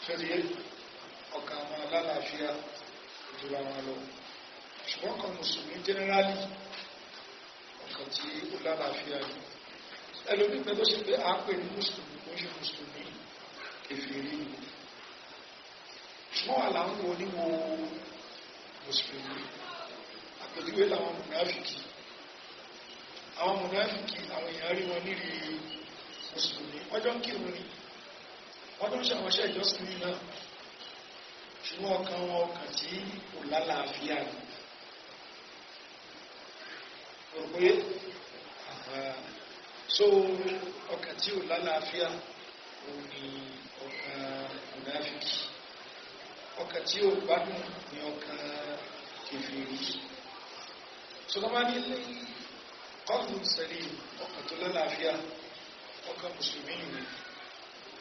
fẹ́lẹ́ ọkàn àwọn alálàáfíà ló ràn wọn lọ ṣùgbọ́n ọkàn mùsùlùmí jẹ́nẹ́rálì ọkàn tí ó lálàáfíà ni ẹlòmípẹ́ tó ṣe pé àápè ní mùsùlùmí ó ṣe mùsùlùmí kèfèrí ni ṣùgbọ́n wà láwọn wo ní wo mùsùlùmí àpèjúwe làwọn mùnáfìkì àwọn mùnáfìkì àwọn èèyàn rí wọn nírí mùsùlùmí ọjọ́ ń kírun ni wọ́n tó ń ṣàwọṣẹ́ náà ṣùgbọ́n ọkàn wọn ọkàn tí kò lálàáfíà ni rò so ọkàn tí ò lálàáfíà òun ni ọkàn mùnáfìkì ọkàn tí ó gbádùn ní ọkàn kèfèrí sọlọ́mà ní ilé kọ́ọ̀lù sẹ́lẹ̀ ọkàn tó lálàáfíà ọkàn mùsùlùmí ìwé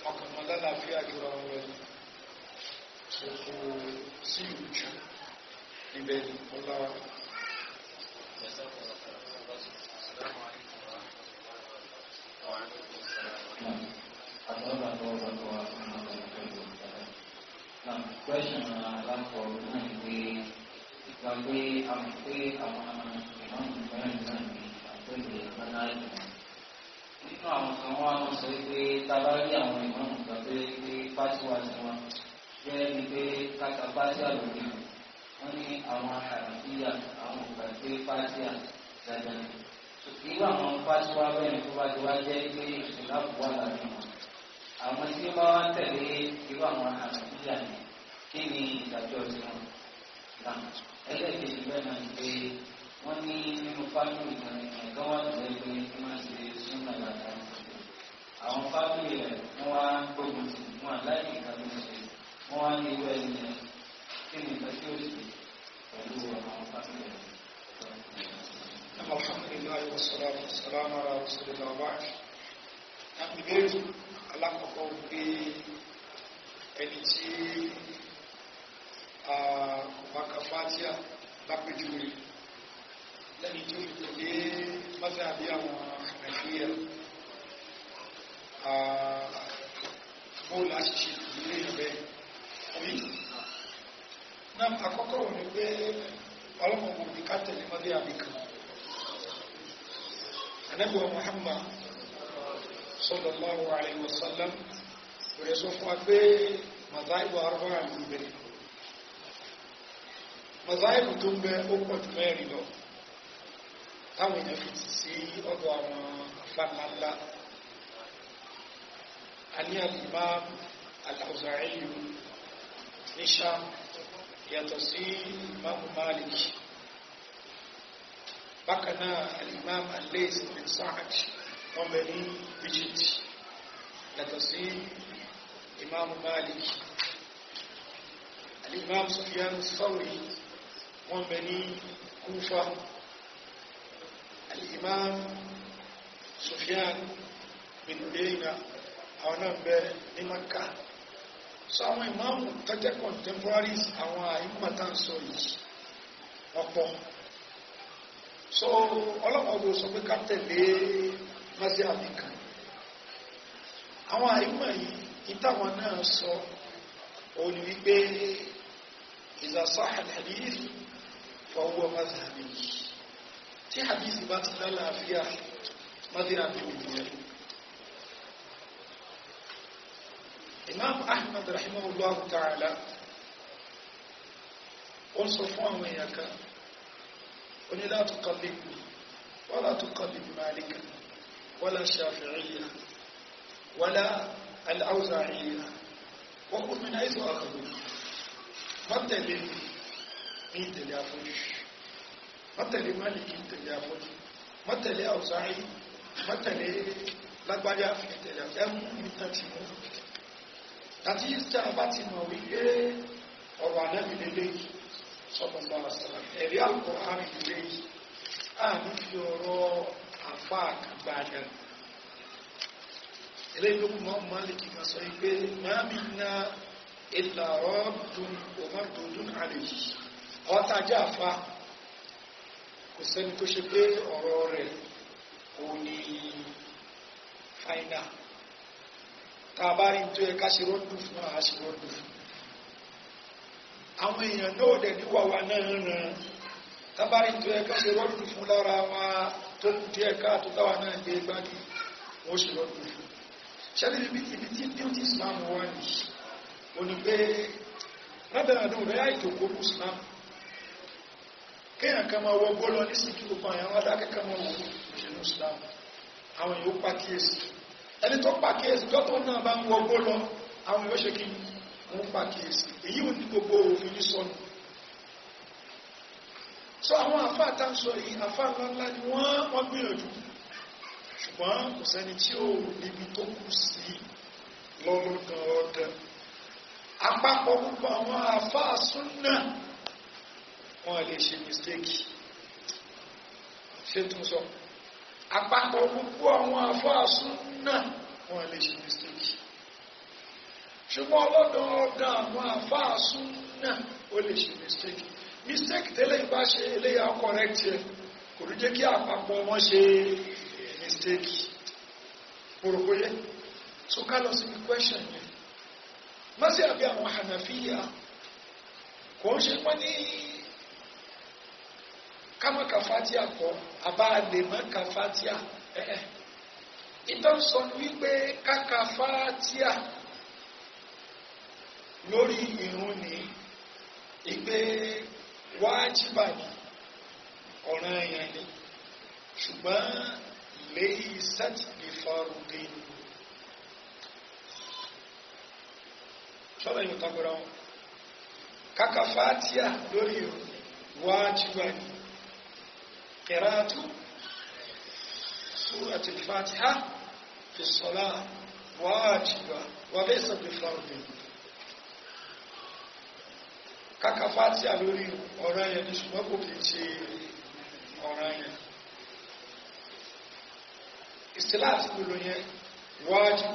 ọkàn wọn lálàáfíà jùlọ wọn lọ ṣòkò sí ìrújú níbẹ̀ ní ọláwà Thank you question aláǹkọ̀ náà ni pé ìgbà pé àwọn pé àwọn ìmáàmù mẹ́rin náà ni àpẹẹrẹ ìmọ̀láyà nínú àwọn kan wá wọn sọ pé tábà rí àwọn ìmáàmù gbà pé pé fásiwá sí wọn jẹ́ ni pé káka fásiwá lòdì wọ́n ní àwọn àràfíà àwọn ògbà pé fásiwá dáadáa irú àwọn fásiwá bẹ́ẹ̀ tó bá ti wá jẹ́ pé ìṣẹ̀lá kò wà láàrin wọn àwọn tí ó bá wá tẹ̀lé irú àwọn àràfíà ni kí ni ìdájọ́ ti wọn náà ẹlẹ́ẹ̀kejì bẹ́ẹ̀ náà pé wọ́n ní nínú fámìlì kan nìkan kan wà ní ẹgbẹ́ tí wọ́n ṣe súnmọ́ ìlànà ìṣe àwọn fámìlì rẹ̀ wọ́n wá gbógun sí wọn láì nìkan tó ṣe wọ́n wá ní irú ẹni yẹn kí ni nǹkan tí ó ṣe pẹ̀lú àwọn fámìlì rẹ̀. Alhamdulilayi wa salatu wa salamu ala rasulillah wa baaki. Ìbéèrè alákọ̀ọ́kọ́ pé ẹni tí ọ̀pá kan fátíà lápẹjúwe lẹ́ni tí ó fi tẹ̀lé mọ́tẹ́ àbí àwọn nàìjíríà bóòlù àṣìṣe ìlú ìrẹ̀bẹ̀ orí náà àkọ́kọ́ wọn ni pé ọlọ́mọ̀mọ̀ ní ká tẹ̀lé mọ́tẹ́ àbí kan anábíwa Muhammad sallallahu alaihi wasallam rẹ̀ sọ fún wa pé màtá ìwà arúgbó àlùbẹ̀rẹ̀ mọ̀sáìkù tó ń bẹ ó pọ̀ jù mẹ́rin lọ táwọn èèyàn fi ti sí ọ̀dọ̀ àwọn afánlá alí al-Imam al-Awza'i ní Sham yàtọ̀ sí Imam Malik bákan náà al-Imam al-Lays bin bẹ ní Egypt yàtọ̀ sí Imam Malik al-Imam Sufyan ath wọ́n bẹ ní kúfà al-imam Sufyan bin Uyayna àwọn náà bẹ ní maka so àwọn ìmáàmù tó contemporaries àwọn àyíkọ̀tà ń ọ̀pọ̀ so ọlọ́pàá sọ pé ká tẹ̀lé mọ́sí àbíkan àwọn àyíkọ̀ yìí ìtàwọn náà sọ òun ni wípé فهو مذهب في حديث ما تزال أفياح مذهب الدنيا إمام أحمد رحمه الله تعالى أرسل فهم إياك قل لا تقلب ولا تقلب مالكا ولا الشافعية ولا الأوزاعية وقل من حيث أخذوا ما الدليل ní ìtẹ̀lé afọ́jú mọ́tẹ̀lé Málìkì ìtẹ̀lé afọ́jú mọ́tẹ̀lé Awza'i mọ́tẹ̀lé lágbájá ìtẹ̀lé ẹmú níta ti mú àti ìsìtẹ́ àbá ti mọ̀ wípé ọ̀rọ̀ ànábì lélẹ́yìí sọ́kọ̀ọ́bà àṣàlà ẹ̀rí àkọ́ àmì lélẹ́yìí àmì fi ọ̀rọ̀ àfáà kàgbà àjẹ́ eléyìnlógún mọ́ Málìkì kan sọ wípé máa mi ná ìlà àwọn tá a jẹ́ àfa kò sẹ́ni tó ṣe pé ọ̀rọ̀ rẹ̀ òun ni fáínà tá a bá rí tó yẹ ká ṣe rọ́dù fún àá ṣe rọ́dù fún àwọn èèyàn náà dẹ̀ ní wàwà náà ràn tá a bá rí tó yẹ ká ṣe rọ́dù fún lára wa tó kù díẹ̀ káàtó táwa náà gbé gbági wọ́n ṣe rọ́dù fún ṣẹlẹ̀ ibi tí beauty islam wà nìyí onígbé rábẹ̀rẹ̀ àdúgbò rẹ̀ àìtòkó muslim kéèyàn kan máa wọgbó lọ ní sí kíkò kan àwọn adákẹ́kẹ́ mọ́ wọn ìṣẹ̀lú islam àwọn yóò pàkíyèsí ẹni tó pàkíyèsí tọ́tọ́ náà bá ń wọgbó lọ àwọn yóò ṣe kí wọ́n pàkíyèsí èyí ò ní gbogbo òfin ní sọnù so àwọn àfá àtàǹsọ yìí àfá ńláńlá ni wọ́n wọ́n gbìyànjú ṣùgbọ́n kò sẹ́ni tí ó níbi tó kù sí lọ́lọ́dọ̀ọ́dọ̀ àpapọ̀ gbogbo àwọn àfá súnnà wọ́n lè ṣe mistake ṣe tún sọ àpapọ̀ gbogbo àwọn afọ́àsún náà wọ́n lè ṣe mistake ṣùgbọ́n ọlọ́dọọdún àwọn afọ́àsún náà ó lè ṣe mistake mistake tẹ́lẹ̀ bá ṣe eléyà correct ẹ kò ní jẹ́ kí àpapọ̀ wọn ṣe mistake pòròpóyé so ká lọ síbi question yẹn mọ́sí àbí àwọn Hanafiya kò ń ṣe wọ́n ní kama ka fatia kọ aba le ma ka fatia ẹẹ ìtọ́sọ wípé kaka fatia lórí irun ni ìgbé wájibà ni ọ̀ràn èèyàn ni ṣùgbọ́n lẹ́yìn sátidé fárúdé sọ́dọ̀ yóò takora wọn kaka fatia lórí irun wájibà ni. قراءة سورة الفاتحة في الصلاة واجبة وليس بفرض kàkà Fátíhà lórí ọ̀rọ̀ yẹn ní ṣùgbọ́n kò kìí ṣe ọ̀rọ̀ yẹn ìsìláàtì gbòòrò yẹn wájú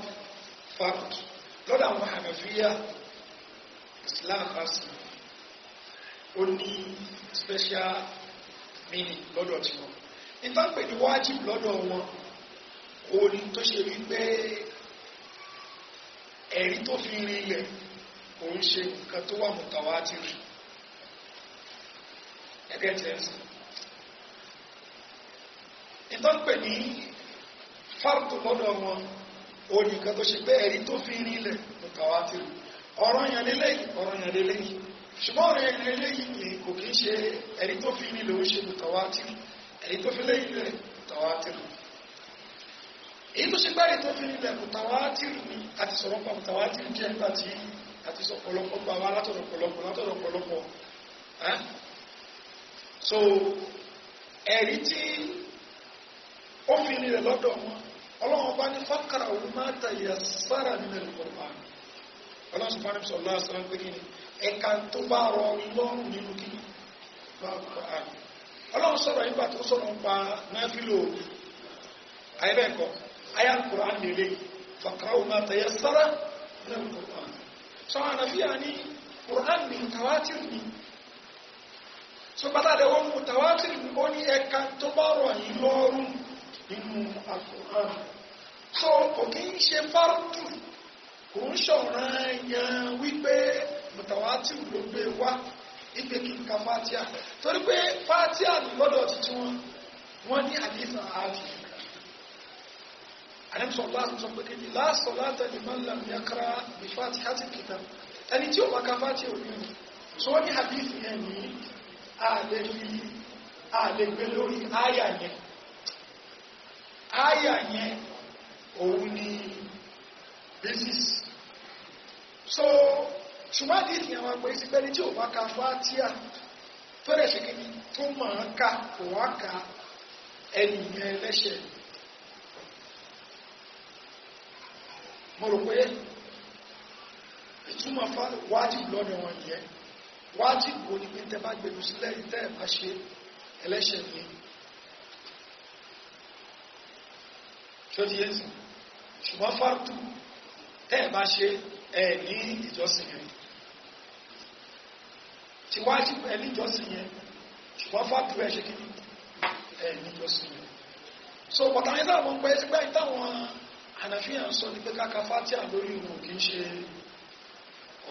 fáàkùtù lọ́dọ̀ àwọn àmẹ́fíyà ìsìláàtì ó ní special meaning lọ́dọ̀ tí wọn ìtànpẹ̀ ní wájib lọ́dọ̀ wọn kò ní tó ṣe rí pé ẹ̀rí tó fi rin ilẹ̀ kò ń ṣe nǹkan tó wà mutawatir ẹgẹ́ tẹ̀sí ìtànpẹ̀ ní fárúkú lọ́dọ̀ wọn ó ní nǹkan tó ṣe pé ẹ̀rí tó fi rin ilẹ̀ mutawatir ọ̀rọ̀ yẹn lélẹ́yìn ọ̀rọ̀ yẹn lélẹ́yìn ṣùgbọ́n ọ̀rẹ́ ẹni eléyìí ni kò kí ń ṣe ẹ̀rí tó fi nílò ó ṣe mùtàwátìrì ẹ̀rí tó fi lẹ́yìn rẹ̀ mùtàwátìrì èyí tó ṣe gbáyé tó fi nílẹ̀ mùtàwátìrì ni àti sọ̀rọ̀ sọ pọ̀lọpọ̀ gba wa látọ̀rọ̀ pọ̀lọpọ̀ látọ̀rọ̀ pọ̀lọpọ̀ so ẹ̀rí tí ó fi nílẹ̀ lọ́dọ̀ wọn ọlọ́run bá ní fákàrà òun máa tàyà sára nílẹ̀ lọ́pọ̀ ẹ̀ka tó bá rọ lọ́rùn nínú kí ọlọ́run sọ̀rọ̀ nígbà tó sọ̀rọ̀ ń pa náfílò àìbẹ́ẹ̀kọ́ ayá kùrán nílé fàkàrà ma tayassara náà kùrán sọ́wọ́n ànàfíà ní so bàtà lẹ́wọ́n mutawatir ní ó ní ẹ̀ka tó bá rọ̀ so kò kí ń ṣe fárútù kò ń ṣọ̀ràn yẹn wípé mùtàwátìrù ló gbé wá ipe kí n ka fatia torí pé fatia lọ́dọ̀ títí wọn wọ́n ní àdéhùn ààfin àdéhùn sọ̀rọ̀ láti sọ pé kejì láàsọ̀ látàdé mọ́lá ní akara bí fatia ti kìtà ẹni tí ó bá ka fatia ò ní o so wọ́n ní àdéhùn yẹn ní àlè fi àlè gbé lórí àyà yẹn àyà yẹn òun ni basis ṣùgbọ́n àdìsí àwọn àpò yìí ti pẹ́ ní tí òun aka fátíà tó lè ṣe kíni tó máa ń ka òun aka ẹni yẹn lẹ́ṣẹ̀. mo rò pé ìtumọ̀ wájìbù lọ́dọ̀ wọn yẹn wájìbù wo ni pé tẹ́ bá gbèrú sílẹ̀ tẹ́ ẹ̀ bá ṣe ẹlẹ́ṣẹ̀ ni. ṣùgbọ́n fárútù tẹ́ ẹ̀ bá ṣe ẹ̀ ní ìjọsìn rẹ̀ ṣe wá sí ẹni ìjọsìn yẹn ṣùgbọ́n fàtú ẹ̀ ṣe kí ni ẹni ìjọsìn yẹn so bọ̀tà yẹn sábà ń pẹ́ sígbà yìí táwọn ànàfíàn sọ ni pé káka fatia lórí òun kì í ṣe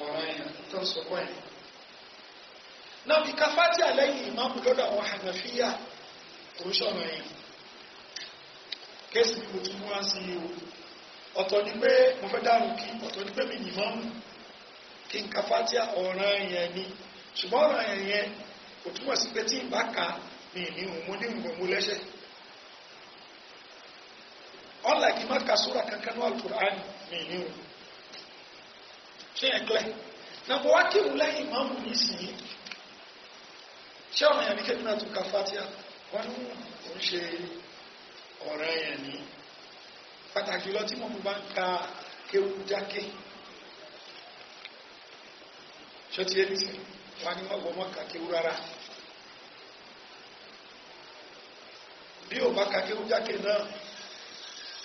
ọ̀ràn yẹn tó ń sọkọ yẹn náà bí ká fatia lẹ́yìn ìmáàmù lọ́dọ̀ àwọn ànàfíà tó ń ṣọ̀ràn yẹn kéésì ni mo tún mú wá sí i o ọ̀tọ̀ ni pé mo fẹ́ dárun kí ọ̀tọ̀ ni pé mi nìmọ́mù kí n ka fatia ọ̀ràn yẹn ni ṣùgbọ́n ọ̀rọ̀ ẹ̀yẹn yẹn kò túmọ̀ sí pé tí ìbá ka ní ìníhùn mo ní ìwọ̀n mo lẹ́ṣẹ̀ ọ̀là kì má ka sóra kankan náà alukur'ani ní ìníhùn ṣé yẹn kílẹ̀ nàbọ̀ wá kí wùlá ìmáàmù ní ìsìn ṣe ọ̀rọ̀ yẹn ní wà ní mọ́gbọ́ mọ́ kàkéwú rárá bí ò bá kàkéwú jákè náà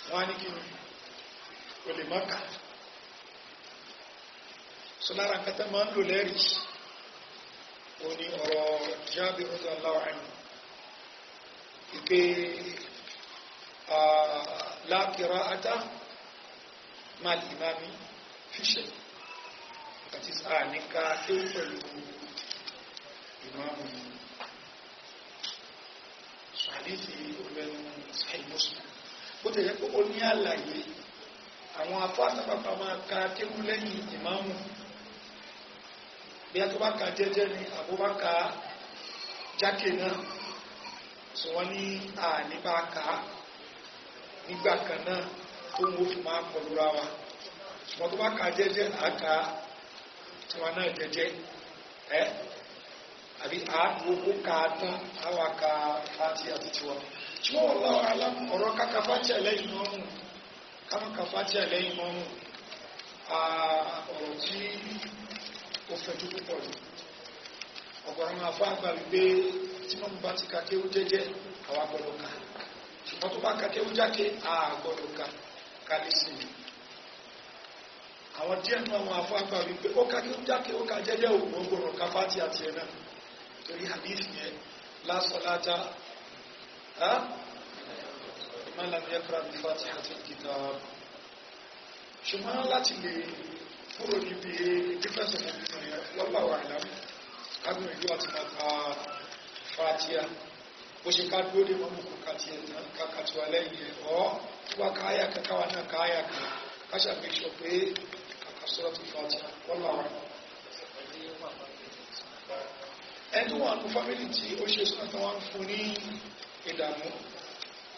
wọ́n á ní kí ni kò lè mọ́ka so lára kẹta máa ń lò lẹ́rìí òní ọ̀rọ̀ jáde ọjọ́ aláwọ̀ ike lákìrá ata máa lè máa mi fi àti àníká kéwú pẹ̀lú ìmáàmù ṣàdífì olẹ́nu sàì mùsùlùm bó tẹ̀yẹ pé ó ní àlàyé àwọn afọ́sápapá máa ka kéwú lẹ́yìn ìmáàmù bí a tó bá ka jẹ́jẹ́ ni àbó bá ka jákè náà sọ wọ́n ní àníbá ka nígbà kan náà tó ń wo fi máa kọlura wa ṣùgbọ́n tó bá ka jẹ́jẹ́ àká tiwa náà jẹjẹ ẹ àbí àgbogbo ka tán àwa ka fati àti tiwa ṣùgbọ́n wọn lọ ọ̀rọ̀ kàkà fati àlẹ́yìn mọ́mù kàkà fati àlẹ́yìn mọ́mù ọ̀rọ̀ tí ó fẹ̀jú púpọ̀ ni ọ̀pọ̀rọ̀ máa fọ́ àgbà wípé tí wọ́n bá ti ka kéwú jẹ́jẹ́ àwa gbọ́dọ̀ ka ṣùgbọ́n tó bá ka kéwú jáde àgbọ̀dọ̀ ka kálí sí mi àwọn díẹ̀ nínú àwọn afọ àgbà wípé ó ká kí ó jákè ó ká jẹ́jẹ́ òògùn ọgbọ̀nà káfá tí a ti ẹ̀ náà torí hadith yẹn la salata man lam yaqra bi fatihatil kitab ṣùgbọ́n láti lè kúrò níbi difference of opinion lọ́gbà wà ìlànà agbóhùn ìlú àti kàkà fatia bó ṣe ká dúró dé mọ́mú kò ká tiẹ̀ náà kàkà tiwa lẹ́yìn pé Suratul Fatiha wallahu a'lam ẹni wọn kú fámílì tí ó ṣe súnà tó wọ́n fún ní ìdààmú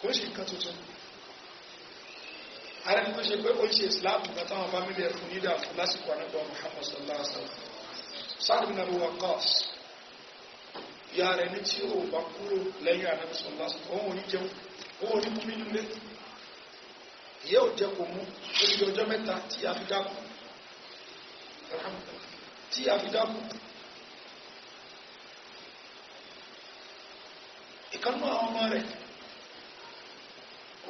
kó ṣe nǹkan tuntun ara ní kó ṣe pé ó ṣe Islam nígbà táwọn fámílì ẹ̀ fún ní ìdààmú lásìkò ànábọ̀ Muhammad sallallahu alaihi wasallam Sa'd bin Abi Waqqas ìyá rẹ̀ ní tí ó bá kúrò lẹ́yìn ànábọ̀ sallallahu alaihi wasallam òun ò ní jẹun òun ò a fi tí a fi dákú ìkànnà àwọn ọmọ rẹ̀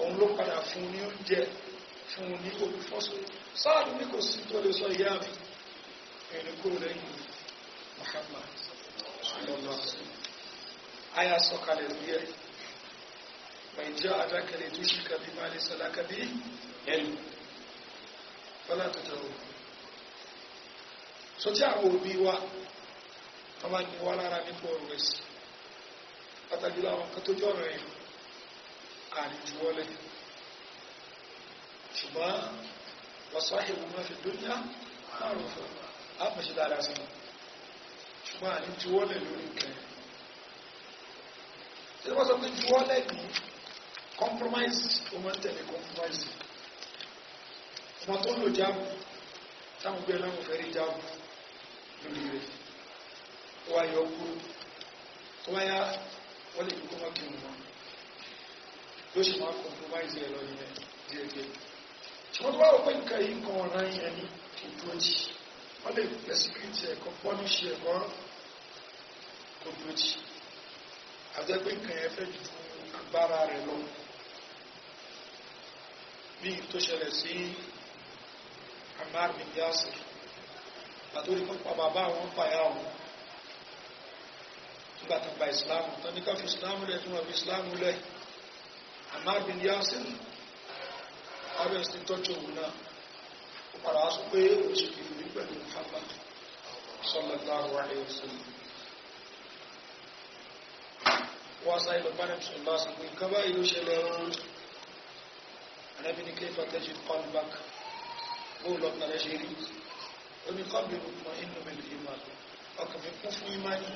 òun ló padà fún ní oúnjẹ fún ní olùfọ́sọ sáàdù ní kò sí tó lè sọ ìyá mi ẹni kúrò lẹ́yìn Muhammad sallallahu aya sọ̀kalẹ̀ lórí ẹ̀ nàìjíríà adákẹ̀lẹ̀ tó ṣìkà bí máa lè sàlákà bí ẹnu fọ́lá tó tẹ̀wọ̀ so tí àwọn òbí wa wọ́n máa ní wá lára nípa ọ̀rọ̀ ẹ̀sìn pàtàkì láwọn kan tó jọ́rọ̀ ẹ̀ àríjúwọ́lẹ̀ ṣùgbọ́n wasahibu ma fi dunya ma'rufa a mọ̀ sí dára sí ṣùgbọ́n àríjúwọ́lẹ̀ lórí nǹkan tí wọ́n sọ pé juwọ́lẹ̀ ní compromise o máa ń tẹ̀lé compromise ọmọ tó ń lò jáàmù táwọn gbé láwọn fẹ́rí jáàmù lórí rẹ̀ ó wá yọ kúrò tó wá yá wọ́n lè kókó mọ́kì mú wọn ló ṣe máa compromise ẹ̀ lọ nílẹ̀ díẹ̀díẹ̀ ṣùgbọ́n tó bá wọ pé nǹkan yìí kan ọ̀nà yẹn ní ìdúró jì wọ́n lè pẹ̀sìkìtì ẹ̀kọ́ pọ́níṣì ẹ̀kọ́ kò dúró jì àjẹ́ pé nǹkan yẹn fẹ́ ju agbára rẹ̀ lọ bí tó ṣẹlẹ̀ sí Ammar bin àtòrí kan pa bàbá àwọn pa ìyá wọn nígbà tó gba Islam. tán ní ká fi ìsìláàmù lẹ̀ tí wọ́n fi ìsìláàmù lẹ̀ Ammar bin Yasir abẹ́rẹ́ sí tọ́jú òun náà ó padà wá sọ pé oṣù kìí ní pẹ̀lú Muhammad sallallahu alaihi wasallam wọ́n sáré lọ bá nàbì sọ̀rọ̀ lọ́sàn pé nǹkan báyìí ló ṣẹlẹ̀ ọ̀run anábì ní oníkọ́bí mọ̀ inú bẹ̀rẹ̀ ìmọ̀ ọkàn mi kún fún ìmọ̀ ní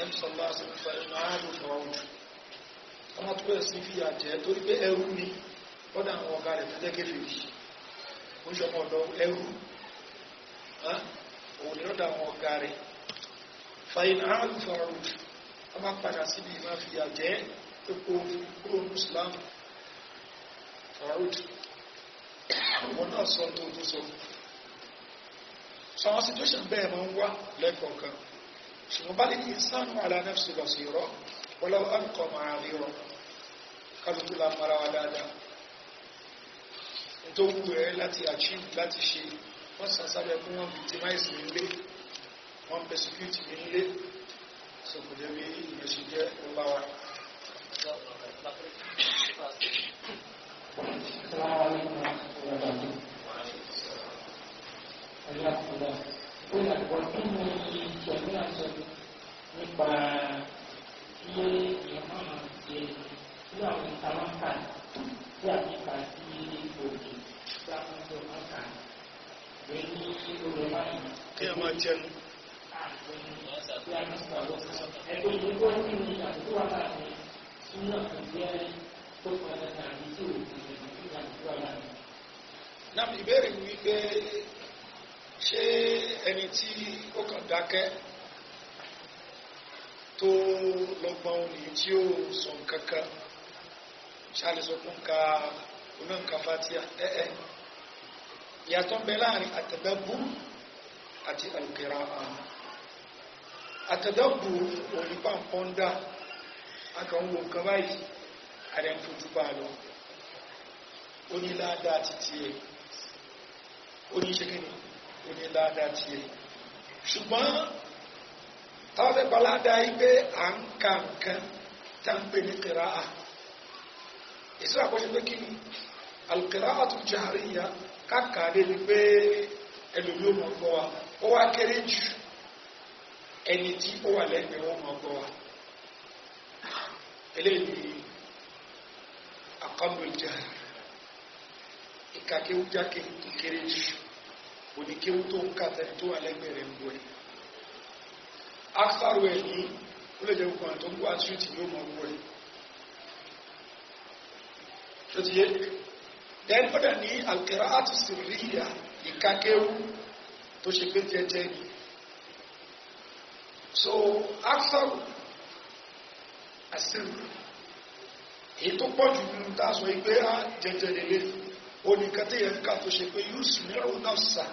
ẹ̀mí sọ̀lá àṣìfà ẹ̀nà ààrùn fọ́ọ̀rùn ọmọ tó bẹ̀rẹ̀ sí fi àjẹ́ torí pé ẹrú ni ọ̀dà àwọn ọ̀gá rẹ̀ tẹ́jẹ́ kéfèèrè ó ṣe ọmọ ọ̀dọ́ ẹrú òun ni ọ̀dà àwọn ọ̀gá rẹ̀ fàyìn ààrùn fọ́ọ̀rùn ọmọ padà síbi ìmọ̀ fi àjẹ́ tó kó kúrò mùsùlùmí fọ́ọ̀rùn wọn náà sọ tó tó sọ so àwọn situation bẹ́ẹ̀ máa ń wá lẹ́kọ̀ọ̀kan ṣùgbọ́n bá lè ní ìsánú alánẹ́fṣì lọ sí rọ wọ́lọ́wọ́ ẹ̀kọ́ máa rí rọ kálukú la mara wa dáadáa tó wù ẹ́ láti achieve láti ṣe wọ́n sàsábẹ̀ fún wọn victimize mi wọ́n persecute mi lé ìyẹ̀ṣẹ̀ jẹ́ ọlá wa. Thank you aláàfọlá ó yà wọ́n kí ni ìṣẹ̀lẹ̀ àṣọ nípa kí èèyàn máa ma ṣe ní àwọn ìtawọ́nkà tí àtìkà sí òkè tí a máa ń sọ ọ̀nkà lẹ́yìn olè báyìí. kí a máa jẹun. Ẹgbẹ́ ìdíkọ́ ní àdúgbò àlàyé sínú àkàndíẹ́ tó padà tàbí tí òkè ìdíkọ́ àlàyé. Náà ìbéèrè wípé ṣé ẹni tí ó kàn dákẹ́ tó lọ́gbọ́n òní tí ó sọ nǹkan kan ṣáàlì sọ fún ka oná nǹkan fatia ẹ́ẹ́ ìyàtọ̀ ń bẹ láàrin àtẹ̀dẹ́bùrù àti àlùkẹ́ra àmà àtẹ̀dẹ́bùrù òyìnbá pọ́ńdà akànwò nǹkan báyìí àrẹ ń fojú bá lọ ó ní ládàá títí ó ní ládàá tiẹ̀ ṣùgbọ́n táwọn fẹ́ gba ládàá yìí pé à ń ka nǹkan tá ń pè ní kìráà èso àkọsí pé kí ni alùkìráà tún jàríyà kákàdé ni pé ẹlòmí ò mọ̀ gbọ́ wa ó wá kéré jù ẹni tí ó wà lẹ́gbẹ̀ẹ́ wọn mọ̀ gbọ́ wa eléyìí àkọ́mọ̀ ìjà ìkàkéwújáke kéré jù oníkéwú tó ń kàtẹ́ tó wà lẹ́gbẹ̀ẹ́ rẹ̀ ń bọ̀ ẹ̀ aksaru ẹ̀ ní ó lè jẹ́ gbogbo àwọn tó ń gbọ́ àtúntì yóò mọ̀ wọ́ ẹ̀ tó ti yé then ó dà ní alkera àtúnṣe ríyà ìkákéwú tó ṣe pé jẹjẹ ni so aksaru àṣírí èyí tó pọ̀ jù nínú tá a sọ yìí pé ah, jẹjẹ lélẹ́yìn oníkan tí yẹn ń kà tó ṣe pé yusuf ní ọ̀rọ̀ náà sàn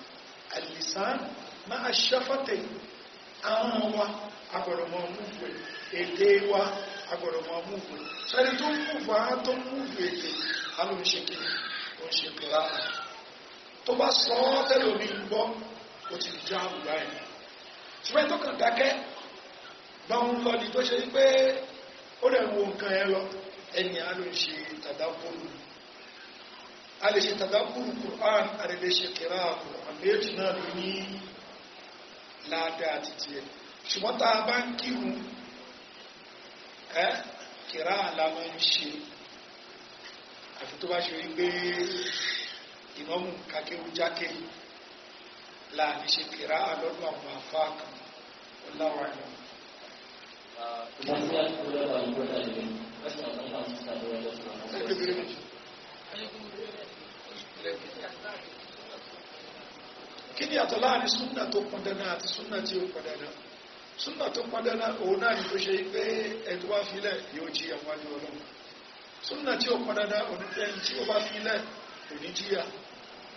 àlìsàn máa ṣẹ́fọ́tẹ̀ àwọn wa agbọ̀dọ̀mọ̀ múfù èdè wa agbọ̀dọ̀mọ̀ múfù sẹ́ni tó múfù àwọn tó múfù èdè alóhùnṣekì oúnṣekì lára tó bá sọ ọ́ tẹ́lómi gbọ́ ó ti dìjọ́ àwùrá ẹ̀ ṣùgbọ́n tó kàn dákẹ́ gbọ́n lọ ni tó ṣe wípé ó rẹ̀ wo nǹkan ẹ lọ a lè ṣe tàbákùrù Qur'an a lè ṣe kìrá Qur'an méjì náà ló ní láàdá àti tiẹ̀ ṣùgbọ́n tá a bá ń kírun ẹ́ kìrá àlámọ́ ń ṣe àti tó bá ṣe wípé ìmọ̀mù kakéwu jákè láàrin ṣe kìrá àlọ́dún àwọn àfáà ọláwà ni. Thank you very kí ni àtọ̀ láàrin súnà tó pọn dandan àti súnà tí ó pọn dandan súnà tó pọn dandan òun náà ni tó ṣe pé ẹ̀tọ́ wá filẹ̀ yóò jí àwọn àjọ ọlọ́run súnà tí ó pọn dandan òun pé ẹni tí ó bá filẹ̀ òní jíyà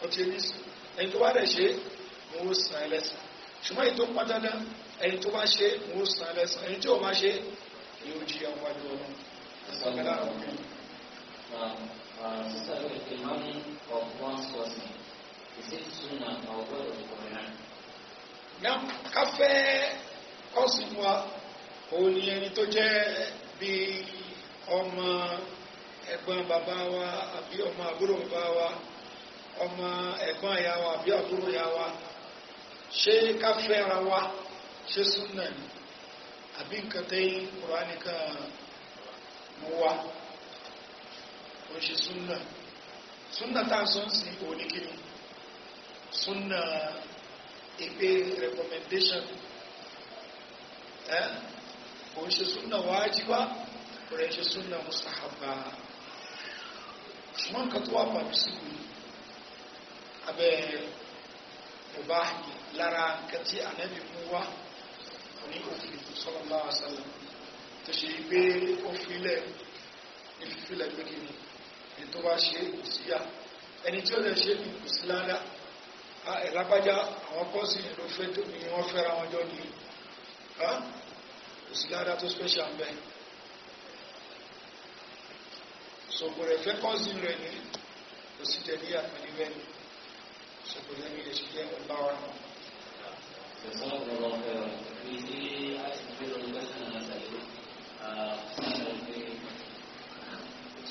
ọtí ẹni e sí ẹni tó bá rẹ̀ ṣe mo ó san ẹlẹ́sìn ṣùgbọ́n èyí tó pọn ẹni tó bá ṣe mo ó san ẹlẹ́sìn ẹni tí ó bá ṣe yóò jí àwọn àjọ ọlọ́run uh, sister look at the money of one's cousin. Is it sunnah or word of the Quran? Now, káfẹ́ ọ̀sìn wa òun ni ẹni bàbá wa àbí ọmọ àbúrò bàbá wa ọmọ ìyá wa àbí àbúrò ìyá wa ṣé káfẹ́ wa ṣé àbí nǹkan tẹ́yìn kò ṣe súnà súnà táàsán sí oníkíní súnà ìpé recommendation ẹ́ kò ṣe súnà wájíbá kò rẹ̀ ṣe súnà mustahaba ṣùgbọ́n kan tó wà pàbí sí kù abẹ́ ọba lára kẹtí ànábì mú wá ní òfin sallallahu alaihi tó ṣe gbé òfin lẹ̀ ní gbẹ́gbẹ́ ní tó bá ṣe kò sí yà ẹni tí ó lè ṣe ní kò sí ládá ẹ̀lápájá àwọn kọ́sì ló fẹ́ tó ní wọ́n fẹ́ra wọn jọ ní kò sí ládá tó special bẹ́ sọ̀kò rẹ̀ fẹ́ kọ́sì rẹ̀ ní kò sí ní àpẹẹrẹ bẹ́ẹ̀ rẹ̀ ní èṣù jẹ́ ọ̀bá wa náà